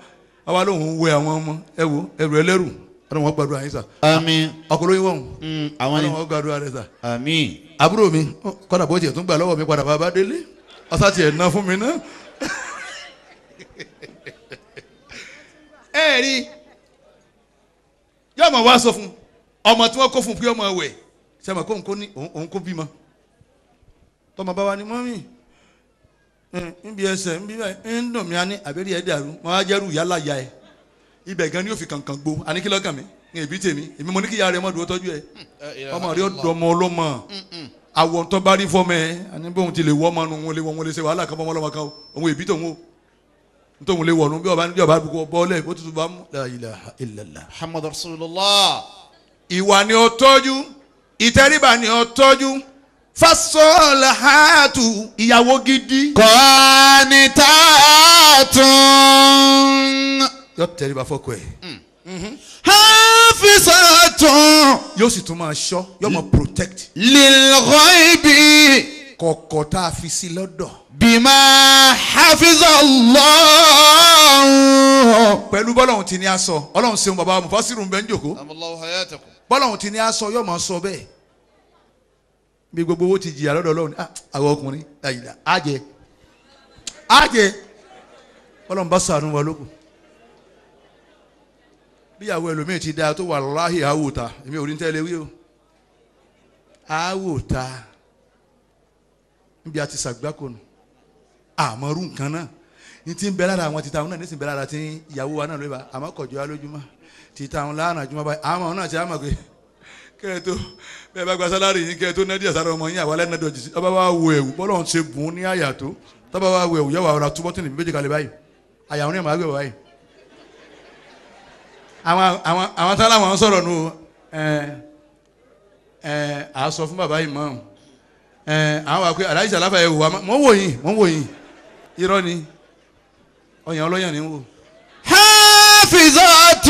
wá wá lóun wẹ àwọn ọmọ ẹ ẹrù ẹlẹ́rù ọlọ́run wọn gbàdúrà yín sà. àmín ọkùnrin wọn. Mm, àwọn wọn gbàdúrà rẹ sà. àmín. àbúrò mi kọ́dà bó tiẹ̀ tún gbà lọ́wọ́ mi padà bàbá délé ọ̀sá tiẹ̀ ná fún mi náà. ẹ rí yóò mọ̀ wá sọ fún ọmọ tí wọ́n kó fún pé ọmọ wẹ̀ sẹ́mi kó òun kó bímọ tọmọ bá ni mọ́mí Mm, nbi ẹsẹ̀ nbi ń dùn ani àbẹ̀rẹ̀ ẹ̀ dàrú mọ ajẹ́rù yálà ya ẹ̀ ibẹ̀ gan ni yóò fi kankan gbó ani kí mi ní èbí tèmi èmi mo ní ya rẹ̀ mọ̀ dúró tọ́jú ẹ̀ mm, ọmọ rẹ̀ dọmọ ọlọ́mọ mm, àwọ̀ ń tọ́ba ani bóun ti lè wọ́ ọmọ nu wọn wọn wọn lè wàhálà kan bọ́ ọmọlọ́mọ kan o òun èbí tòun o nítorí lè wọ̀ bí ọba bí ọba bukọ bọ́ọ̀lẹ̀ ó tutù bá mú Muhammad rasulullah. ìwà ni ó tọ́jú ìtẹríba ni ó tọ́jú fasọ́làhátù ìyàwó gidi. kọ́ni tààtùn. yóò tẹríba fọ́kọ ẹ̀. Mm. Mm-hmm. hafizatun. yóò sì tún máa ṣọ́ yóò máa protect. lilghaibi. kọ̀kọ̀ tá a fi sí lọ́dọ̀. bima hafizallahu. pẹ̀lú bọ́lọ́hún ti ní aṣọ ọlọ́run ṣeun bàbá mufasirun bẹ́ẹ̀ ń jòkó. bọ́lọ́hún ti ní aṣọ yóò máa sọ bẹ́ẹ̀. bí gbogbo owó ti jìyà lọ́dọ̀ ọlọ́run ah, àwọn ọkùnrin àyìnlá àjẹ àjẹ ọlọ́run bá lóko bíyàwó ẹlòmíì ti da tó wà láàyè àwòta èmi ò ní tẹ́lẹ̀ wí o àwòta níbi àti sàgbákònù àmọ́rú nǹkan náà ní ti ń bẹ lára àwọn àwọn náà ní ti ń bẹ lára ìyàwó wa náà lóye bá àmọ́ kọ̀jọ́ kẹ́ẹ̀tó bẹ́ẹ̀ bá gba sálárì yín kẹ́ẹ̀tó nẹ́ẹ̀dí ẹ̀sára ọmọ yín àwa lẹ́nàdọ̀ jì sí ọba wa wo ẹ̀wù bọ́lọ̀ ń ṣe bùn ní àyà tó tọba wa wo ẹ̀wù yẹ wà ọ̀rà túbọ̀ tó nìbí méjì kalẹ̀ báyìí àyà wọn àwọn àwọn àwọn wọn nù à fún bàbá yìí àwọn wà pé aláìsàn wò yín ni ọ̀yàn ọlọ́yàn ni wò. حافظات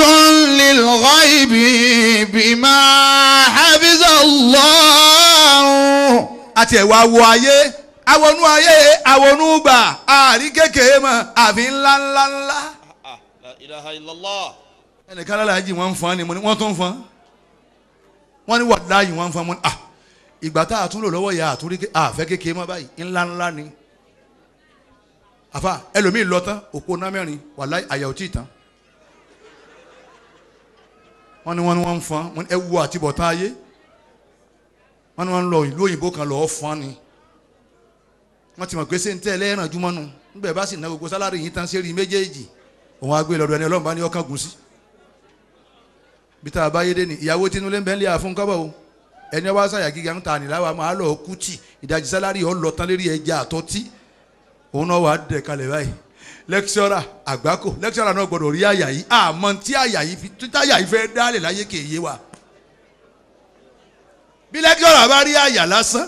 للغيب بما حفظ الله àti ẹ̀wà wo ayé awọnú ayé awọnú gbà àrí kékeré لا àfi ńlá ńlá ńlá. ilaha illallah. ẹnìkan lálàájì wọn ń fọn من mo ní wọn tún fọn wọn ní wàdá yìí wọn ń fọn mo ní ah ìgbà tá a tún lò lọ́wọ́ yà àtúrí àfẹ́ kékeré mọ́ báyìí ńlá ńlá ni àfa ẹlòmíì lọ tán òpó náà mẹ́rin àyà ò tí ì tán wọ́n ní wọ́n ní wọ́n ń fan wọ́n ní ẹ wo àtibọ̀tán ayé wọ́n ní wọ́n ń lọ ìlú òyìnbó kan lọ́ọ́ fan ni wọ́n ti mọ̀ pé sèǹtẹ́ ẹlẹ́ràn jùmọ̀ nu nígbà bá sì ná gbogbo sálárì yìí tán sẹ́rí méjèèjì òun àgbẹ̀ lọ́dọ̀ ẹni ọlọ́run bá ní ọkàn gùn sí. bíta àbáyédé ni ìyàwó tinúlé ń ń lé àfún kọ́bọ̀ o ẹni ọba sáyà gíga ń ta ni máa lọ kùtì ìdajì sálárì ọ̀ lọ tán lérí ẹja àtọ́tí òun náà wà á dẹ̀ kalẹ̀ báyìí lẹ́kṣọ́rà àgbákò lẹ́kṣọ́rà náà gbọ́dọ̀ rí àyà yìí àmọ́ tí àyà yìí fi tí àyà yìí fẹ́ dálẹ̀ láyé kèye wa bí lẹ́kṣọ́rà bá rí àyà lásán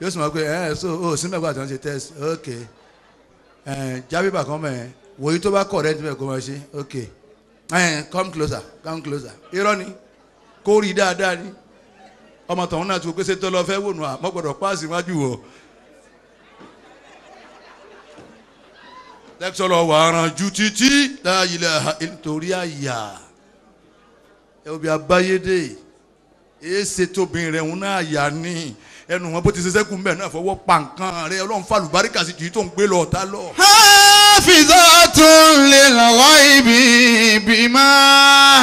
yóò sì mọ̀ pé ẹ̀ so o sí mẹ́gbà tí wọ́n ṣe test ok ẹ̀ jábìbà kan mẹ́ ẹ̀ wòye tó bá kọ̀ rẹ́ níbẹ̀ kó máa ṣe ok ẹ̀ come closer come closer irọ́ ni kó rí dáadáa ni ọmọ tọ̀hún náà ti wò pé ṣe tọ́lọ fẹ́ wò nù à mọ́ gbọ́dọ̀ páàsì wájú wọ̀ lẹ́kítọ́lọ̀ wà á ranjú títí láàyèlẹ̀ nítorí àyà ẹ̀wọ̀bí abáyédè èsè tóbin rẹ̀ ń náà yà ní ẹnu wọn bó ti ṣiṣẹ́ kú mẹ́rin náà fọwọ́ pa nǹkan rẹ ọlọ́run fàlùbáríkà sí jù tó ń gbé lọ ọ̀tá lọ. hafidatun lil ghaibi bima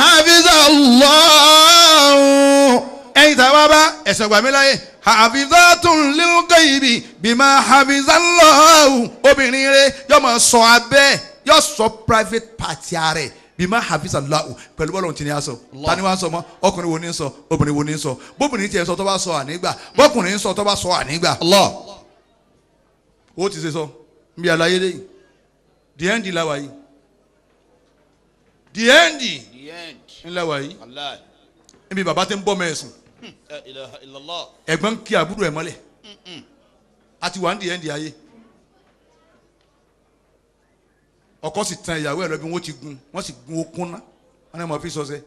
hafiza Allah ẹ̀yin tá a wá bá ẹ̀sẹ̀ gbàmí láyé hafizatun lil ghaibi bima hafizallahu obìnrin rẹ yọ máa sọ abẹ́ yọ sọ private party rẹ̀ bima hafiza lahu pẹ̀lú bọ́lá òtí ni a sọ tani wa sọ mọ́ ọkùnrin wo ni sọ obìnrin wo ni sọ bóbìnrin tiẹ̀ sọ tó bá sọ ànígbà bọ́kùnrin sọ tó bá sọ ànígbà Allah o ti ṣe sọ nbí àlàyé lẹ́yìn the end la wà yìí the end ńlá wà yìí nbí bàbá tẹ ń bọ́ mẹ́sùn ẹ̀gbọ́n kí abudu ẹ̀ mọ́lẹ̀ àti wà ń di ẹ̀ǹdì ayé ọkọ sì tan ìyàwó lọ bí gun wọ́n sì gun okun ná wọn fi sọ́sẹ́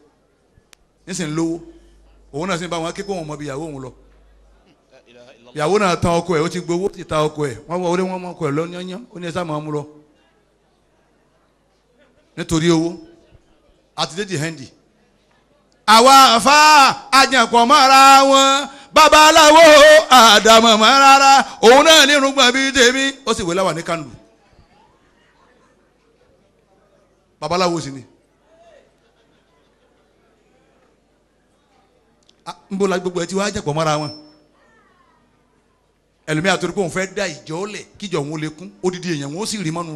nísìnyí lówó òun náà sì ń bá wọn ké wọn mọ bí ìyàwó òun lọ ìyàwó ọkọ ó ti gbowó ti ta ọkọ ẹ̀ wọ́n wọ orí wọn mọ ọkọ ó ní ẹ sáà máa mú lọ nítorí àwa afá àjànkọ́ mọ́ra wọn babaláwo àdàmọ̀ mọ́ rárá òun náà ní irùngbọ̀n bíi tèmi ó sì wéláwà ní kánú babaláwo sì ni nbó la gbogbo ẹ ti wá mọ́ra wọn ẹlòmíì àtòrí òun fẹ́ da ìjọ lẹ̀ kíjọ òun lè kún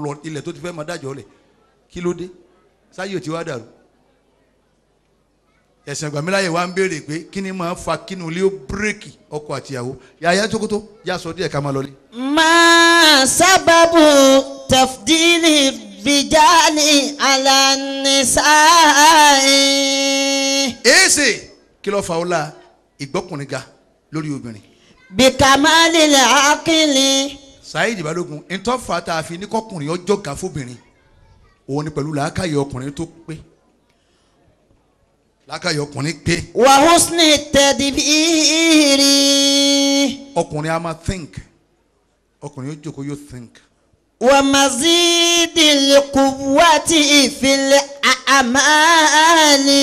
lọ ilẹ̀ tó ti fẹ́ máa dájọ́ lẹ̀ kí ló ẹ̀sìn àgbàmíláyè wa ń béèrè pé kí ni máa fa kí ni olè ó bírèkì ọkọ àtìyàwó yàyà jókòtó yà sọ díẹ̀ ká máa lọlé. máa sábàbù tafdili bìjáni alanisaai. èsè kí ló fa ó la ìgbọ́kùnrin ga lórí obìnrin. bìkàmálì làákìlì. Saheed Balógun ntọ́fà tá a fi ní kọkùnrin ọjọ́ ga fóbìnrin òun ni pẹ̀lú làákàyè ọkùnrin tó pé lákàyè ọkùnrin pé. wàhùsùnì tẹ̀dìbìrì. ọkùnrin a máa think ọkùnrin yóò jókòó yóò think. wàmàzídì lìkùwàtì ìfìlẹ̀ àmàlì.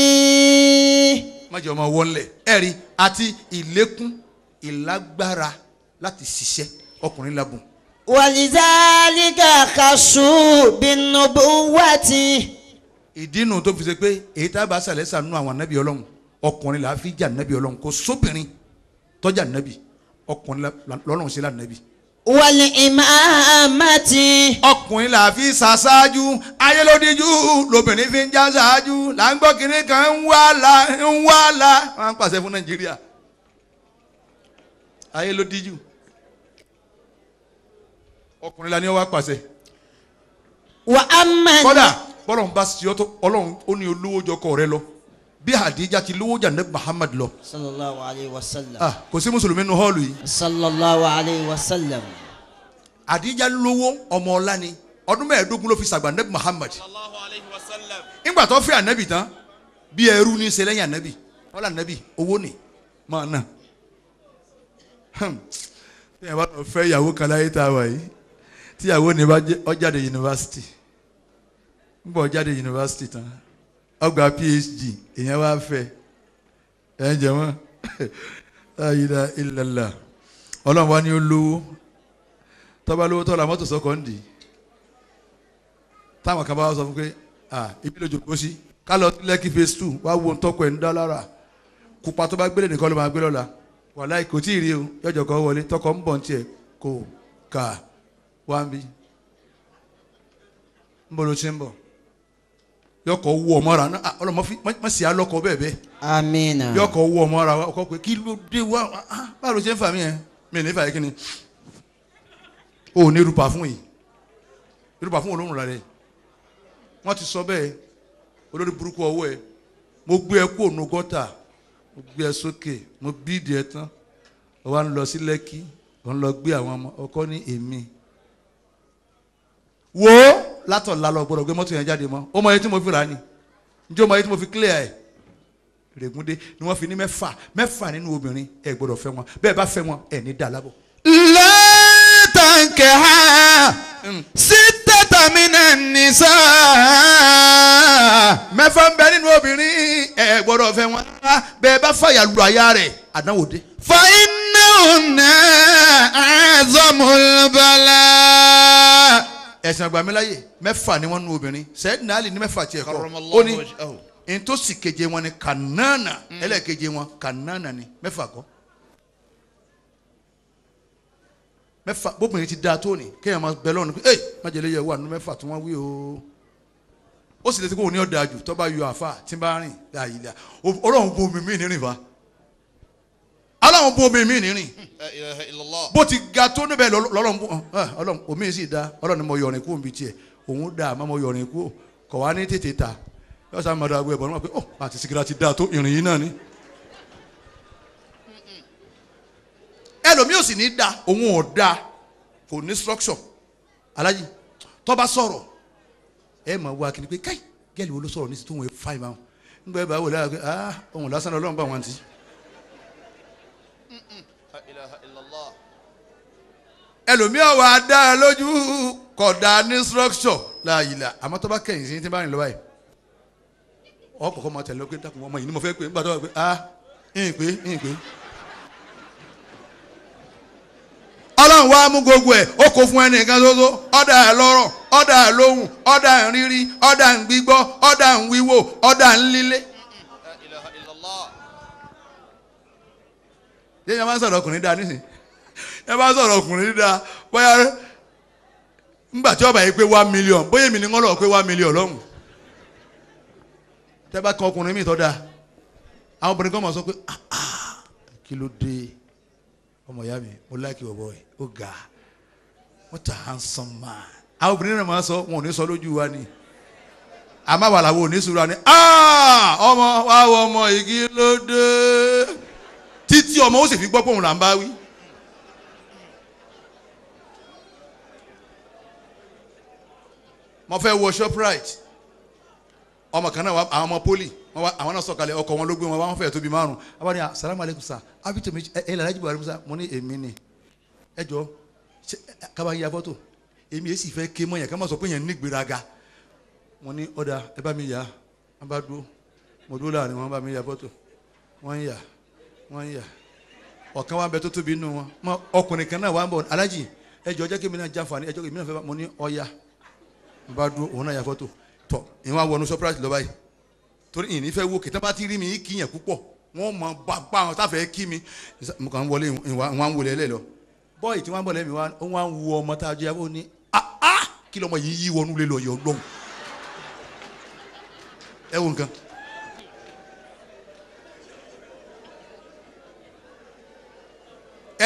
májọ ọmọ wọlé ẹ̀rí àti ìlékún ìlágbára láti ṣiṣẹ́ ọkùnrin labùn. wàlìzálígà kàṣù bínú bó wà tí ìdínú tó fi ṣe pé èyí tá a bá sàlẹ̀ sànú àwọn ànábì ọlọ́run ọkùnrin là á fi jà ànábì ọlọ́run kò sóbìnrin tọ́jà ànábì ọkùnrin lọ́lọ́run ṣe lànàbì. wàlẹ̀ ìmáàmàtì. ọkùnrin là á fi ṣàṣáájú ayélódíjú lobìnrin fi ń já ṣáájú là ń gbọ́ kiri kan ń wá la ń wá la wọ́n á ń pàṣẹ fún nàìjíríà ayélódíjú ọkùnrin là ni wọ́n wá pàṣẹ. wà á mọ̀ kódà bọ́lọ̀n bá sí ọtọ́ ọlọ́run ó ní olówó jọkọ rẹ lọ bí Hadija ti lówó jà nẹ́bí Muhammad lọ. sallallahu alayhi wa sallam. ah kò sí mùsùlùmí nu hall yìí. sallallahu alayhi wa sallam. Hadija lówó ọmọ ọlá ni ọdún mẹ́ẹ̀ẹ́dógún ló fi ṣàgbà nẹ́bí Muhammad. sallallahu alayhi wa sallam. ìgbà tó fẹ́ ànẹ́bì tán bí ẹrú ní í ṣe lẹ́yìn ànẹ́bì ọlá ànẹ́bì owó ni máa ná. tí ẹ bá lọ fẹ́ ìyàwó kan láyé tá a wà yìí tíyàwó ni ọjáde yunifásitì gbọ́ jáde yunifásitì tán ó gba phd èèyàn wá fẹ́ ẹ̀ jẹ wọ́n ayíra ìlàlà ọlọ́run wa ni ó lówó tọ́ba lówó tọ́la mọ́tò sọ́kọ̀ táwọn kan bá wá sọ fún pé ibi lójú kó sí ká lọ phase two wá wo tọkọ ẹ̀ ń dá tọkọ ń bọ̀ ní tiẹ̀ kò yọkọ wú ọmọ ra náà ah, ọlọmọ fi má sì á lọkọ bẹ́ẹ̀ bẹ́ẹ̀. àmín. yọkọ wú ọmọ ra ọkọ pé kí ló dé wá ah, báwo ló ṣe ń fà mí yẹn mi ní fà yẹ o ò ní rúpa fún yìí rúpa fún olóhùn rẹ wọn ti sọ bẹ́ẹ̀ olórí burúkú ọwọ́ ẹ mo gbé ẹ kó ònú gọ́tà mo gbé ẹ sókè mo bíìdì ẹ tán ọ ń lọ sí lẹ́kì ọ ń lọ gbé àwọn ọmọ ọkọ ní èmi wo. La lọ gbọ́dọ̀ gbé mọ́tò yẹn jáde mọ́ ó mọ iye tí mo fi rà ni njó mọ iye tí mo fi clear ẹ̀ règúndé ni wọ́n fi ní mẹ́fà mẹ́fà nínú obìnrin ẹ̀ gbọ́dọ̀ fẹ́ wọn bẹ́ẹ̀ bá fẹ́ wọn ẹ̀ ní dà lábọ̀. lẹ́tàǹkẹ́ ha mm. sí tẹ́tàmínà nìṣá. mẹ́fà ń bẹ nínú obìnrin ẹ̀ gbọ́dọ̀ fẹ́ wọn bẹ́ẹ̀ bá fàyà lu àyà rẹ̀ àdánwò fa iná òun náà àzọmọlbala ẹ̀sìn àgbàmíláyè mẹ́fà ni wọ́n nu obìnrin sẹ́yìn nàálì ní mẹ́fà tiẹ̀ kọ́ ó ní ntòsí keje wọn ni kànáànà mm. ẹlẹ́ẹ̀keje wọn kànáànà ni mẹ́fà kọ́ mẹ́fà bóbìnrin ti da tó ni kéèyàn máa bẹ lọ́nu pé ẹ májèlé yẹ wà nínú mẹ́fà tí wọ́n wí o ó sì lè ti kó òun ní ọ̀dà jù tó yọ àfà tí bá rìn láàyè ọlọ́run bomi mí nírìn fa. aláwọn bó omi mi nìrìn bó ti ga tó níbẹ̀ lọ́lọ́run bó da ọlọ́run ni mo yọrin kú omi tiẹ̀ òun dà má mo yọrin kú kọ̀ wá ní tètè ta ẹ̀bọ̀n pé oh, àti sìgìrà ti da tó ìrìn yìí náà ni. ẹlòmíì ò sì ní da òun ò da kò ní structure alájí tó sọ̀rọ̀ ẹ máa wá kí ni pé káì gẹ́lì wo ló sọ̀rọ̀ ní ah, ti tó wọn ẹlòmíì ọ̀wọ́ adá ẹ lójú kódà ní structure láàyè àmọ́ tó bá sí ti bá rìn lọ́wọ́ yìí ọ kọ̀kọ́ máa tẹ̀lé ọkẹ́ dákun ọmọ yìí ni mo fẹ́ pé nígbà tó pé ah ìyìn pé ìyìn pé. ọlọ́run wá mú gbogbo ẹ̀ ó kó fún ọ̀dà ẹ̀ lọ́rọ̀ ọ̀dà ẹ̀ lóhùn ọ̀dà ẹ̀ rírí ọ̀dà ẹ̀ gbígbọ́ ọ̀dà ẹ̀ wíwò ọ̀dà ẹ̀ ẹ bá sọ̀rọ̀ ọkùnrin dídá bóyá ńgbà tí ọba yìí pé one million bóyá èmi ni wọ́n lọ pé one million lọ́hùn tẹ́ bá kan ọkùnrin mi tọ́ da àwọn obìnrin kan mọ̀ sọ pé ah, ah, kí ló dé ọmọ ìyá mi mo like your boy ó ga what a handsome man àwọn obìnrin náà máa sọ wọn ò ní sọ lójú wa ni àmàwàlàwò ò ní sùúrù ni ah, ọmọ wa wọ ọmọ igi ló dé títí ọmọ ó sì fi gbọ́ pé òun là ń bá wí. mo fẹ́ wọ shoprite ọmọ kan náà àwọn ọmọ poli àwọn náà sọ̀kalẹ̀ ọkọ̀ wọn ló gbé wọn wọn fẹ́ tóbi márùn wọn ni ah, salamu aleykum sa abi tèmi ẹ ẹ lalaji buhari musa mo ní èmi ni ẹ jọ kaba ya fọ́tò èmi èsì fẹ́ ké mọ́ yẹn ká má sọ pé yẹn ní gbéraga mo ní ọ̀dà ẹ bá mi yà á bá dúró mo dúró láàrin wọn bá mi yà fọ́tò wọ́n ń yà wọ́n ń yà ọ̀kan wa bẹ tó tóbi nínú wọn ọkùnrin kan náà wà ń bọ̀ alájì ẹ jọ jẹ́ kí mi náà jáfa ni ẹ jọ kí mi náà fẹ́ mo ní ọ̀ya mo bá dúró òun náà ya fọ́tò tọ̀ ìwọ̀n àwọn ọ̀nù surprise lọ́ba yìí torí ìní fẹ́ wo kìtàn bá ti rí mi yìí kíyàn púpọ̀ wọ́n mọ bá àwọn táfẹ́ kí mi mo kàn ń wọlé ìwọ̀n àwọn wọlé ẹlẹ́ lọ bọ́ọ̀yì tí wọ́n bọ̀ lẹ́mi wọ́n á ń wo ọmọ tá a jẹ́ ó ní ah, ah, kí lọ́mọ yìí yí wọnú lé lọ yọ lọ́hùn ẹ wo nǹkan.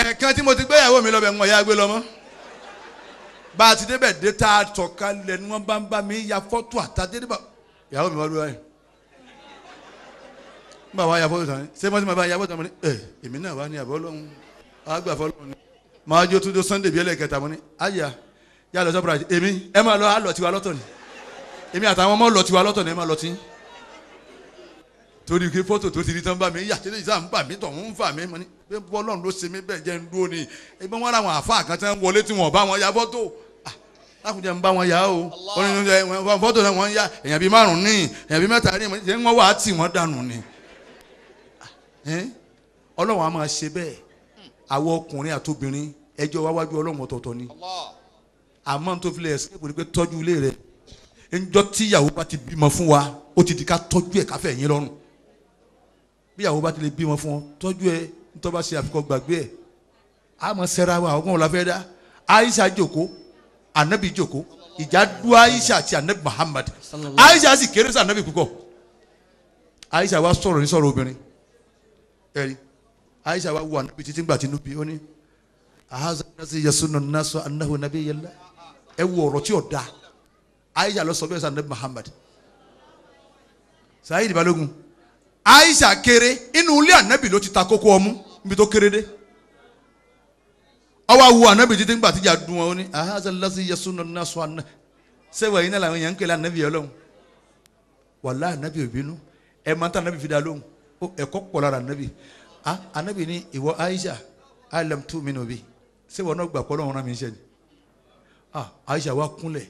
ẹ̀ẹ̀kan tí mo ti gbéyàwó mi lọ bẹ̀ ń wọ̀ ya gbé lọ mọ́ bá a ti débẹ̀ dé tá a tọ̀ kalẹ̀ ni wọ́n bá ń bá mi ya fọ́tò àtàdé níbà ìyàwó mi wá lóra yẹn n bá wa ya fọ́tò tán ṣé wọ́n ti máa bá ya fọ́tò tán mo ní ẹ eh, èmi náà wá ní àbọ̀ ọlọ́run àgbà fọlọ́run ni màá jó tún sunday bíi ẹlẹ́kẹta mo ní àyà yà lọ sọ́pàrà èmi ẹ máa lọ àlọ́ tiwa lọ́tọ̀ ni èmi àtàwọn ọmọ lọ tiwa lọ́tọ̀ ni ẹ máa lọ tí torí pé fọ́tò tó ti di tán bá mi yàtí lèyí sáà ń bà mí tọ̀ ń fà mí mo ní pé bọ́lọ́run ló ṣe mí bẹ́ẹ̀ jẹ́ ń dúró ni ẹgbẹ́ wọn làwọn àfa àkàntán wọlé tí wọn bá wọn ya fọ́tò lákùnjẹ́ ń bá wọn yá o orin fọ́tò náà wọ́n ń yá èèyàn bíi márùn-ún ní èèyàn bíi mẹ́ta ní ìmọ̀jẹ́ ń wọ́n wà á tì wọ́n dànù ni ọlọ́run á máa ṣe bẹ́ẹ̀ àwọn ọkùnrin àtobìnrin ẹjọ́ wá wájú ọlọ́run ọ̀tọ̀ọ̀tọ̀ ni àmọ́ tó fi lè ẹ̀sìn kò ní pẹ́ tọ́jú ilé rẹ̀ ńjọ́ tí ìyàwó bá ti bímọ fún wa ó ti di ká tọ́jú ẹ̀ káfẹ́ yín lọ́rùn bí ìyàwó la fẹ́ dá Aisha anabi joko ìjà du aisha àti anabi muhammad aisha sì kéré sí anabi púpọ̀ aisha wa sọ̀rọ̀ ní sọ̀rọ̀ obìnrin ẹ̀rí aisha wa wo anabi títí gbà tinú bí ó ní ahaza nasi yasunu nasu anahu nabi yalla ẹ wo ọ̀rọ̀ tí ò da aisha lọ sọ bẹ́ẹ̀ sí anabi muhammad sayid balogun aisha kéré inú ilé anabi ló ti ta kókó ọmú níbi tó kéré dé ọwọ́ awo anabi títí nígbà tíjà dùn wọn ó ní ahaza lásì yẹsùn náà náà sọ àná sẹ́wọ̀n yìí náà làwọn èèyàn ń kele anabi ọlọ́run wàlá anabi òbínú ẹ̀ máa ń tà anabi fi dá lóhùn ẹ̀kọ́ pọ̀ lára anabi ah anabi ní ìwọ Aisha alam tu mi nobi sẹ́wọ̀n náà gbà pọ́lọ́run rán mi iṣẹ́ ni ah Aisha wa kúnlẹ̀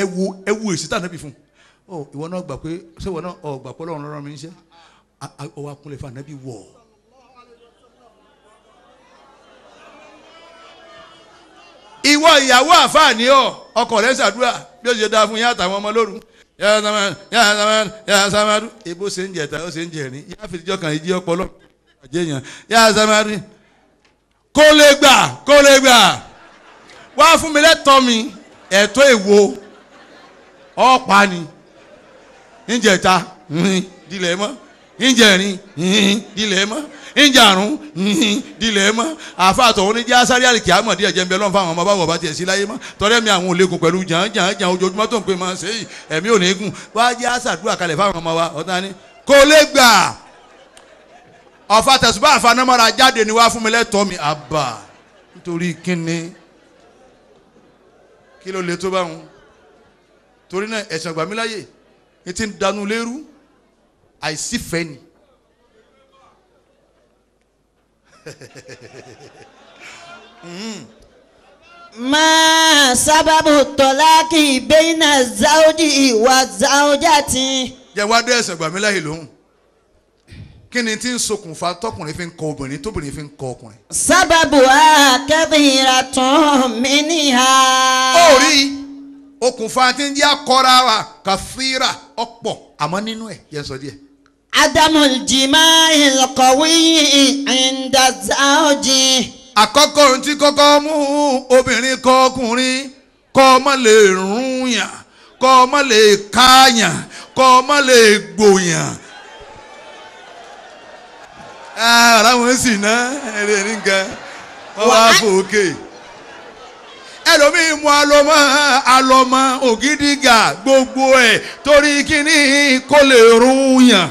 ẹ wo ẹ wo èsì tà anabi fún ọ oh, ìwọ náà gbà pé sẹ́wọ̀n náà ọ̀ gbà pọ́lọ́run rán mi iṣẹ́ ọ wa kúnlẹ̀ fún anabi wọ̀ọ́ ìwọ ìyàwó àfààní ọ ọkọ rẹ ṣàdúrà bí ó ṣe dáa fún yá àtàwọn ọmọ lóru yá samadu yá samadu yá samadu ebó ṣe ń jẹta ó ṣe ń jẹrin yá fìdíjọ kan ìdí ọpọlọ àjẹyàn yá samadu kó lè gbà kó lè gbà wá fún mi lẹ́tọ́ mi ẹ̀tọ́ èwo ọ̀pá ni ń jẹta dilẹ̀ mọ́ ń jẹrin dilẹ̀ mọ́ ìjàrún dilẹ̀ mọ́ àfàtọ̀ òní jẹ́ asáré àlìkí àmọ̀ díẹ̀ jẹ́ ń bẹ lọ́n fáwọn ọmọ báwọ̀ bá tiẹ̀ sí láyé mọ́ tọ́lẹ́ mi àwọn olégùn pẹ̀lú jàn jàn jàn ojoojúmọ́ tó ń pè máa ń sèyí ẹ̀mí ò ní gùn wá jẹ́ àṣàdúrà kalẹ̀ fáwọn ọmọ wa ọ̀tá ni kò lè gbà ọ̀fà tẹ̀sùbá àfanamọ́ra jáde ni wá fún mi lẹ́tọ́ mi àbà nítorí kíni kí ló le tó bá wọn torí náà ẹ̀sìn àgbàmíláyè ti ń danú lérú àìsífẹ́ ni máa sababu tọ́láàkì bẹ́yìnà záójì ìwà záójà tí. jẹ́ wá dé ẹ̀sẹ̀ gbàmí láyé lóhùn kí ni tí ń ṣokùnfà tọkùnrin fi ń kọ obìnrin tóbìnrin fi ń kọ ọkùnrin. sábàbù akẹ́bìnrin tún mí níhà. ó rí okùnfà tí ń jẹ́ akọ́ra wa kàfíra ọ̀pọ̀ àmọ́ nínú ẹ̀ yẹn sọ díẹ̀. Adamu jimá ìlọ̀kọ̀wé inda zawji. Àkọ́kọ́ ohun tí kọ́kọ́ mú obìnrin kọ ọkùnrin kọ́ ọmọ lè rún yàn kọ́ ọmọ lè káyàn kọ́ ọmọ lè gbòyàn. Ara wọn sì ná ẹ̀rẹ̀ nìkan wọ́n wá fòkè. Ẹlòmíì mú alọ́mọ alọ́mọ ògidìgà gbogbo ẹ̀ torí kíní kó lè rún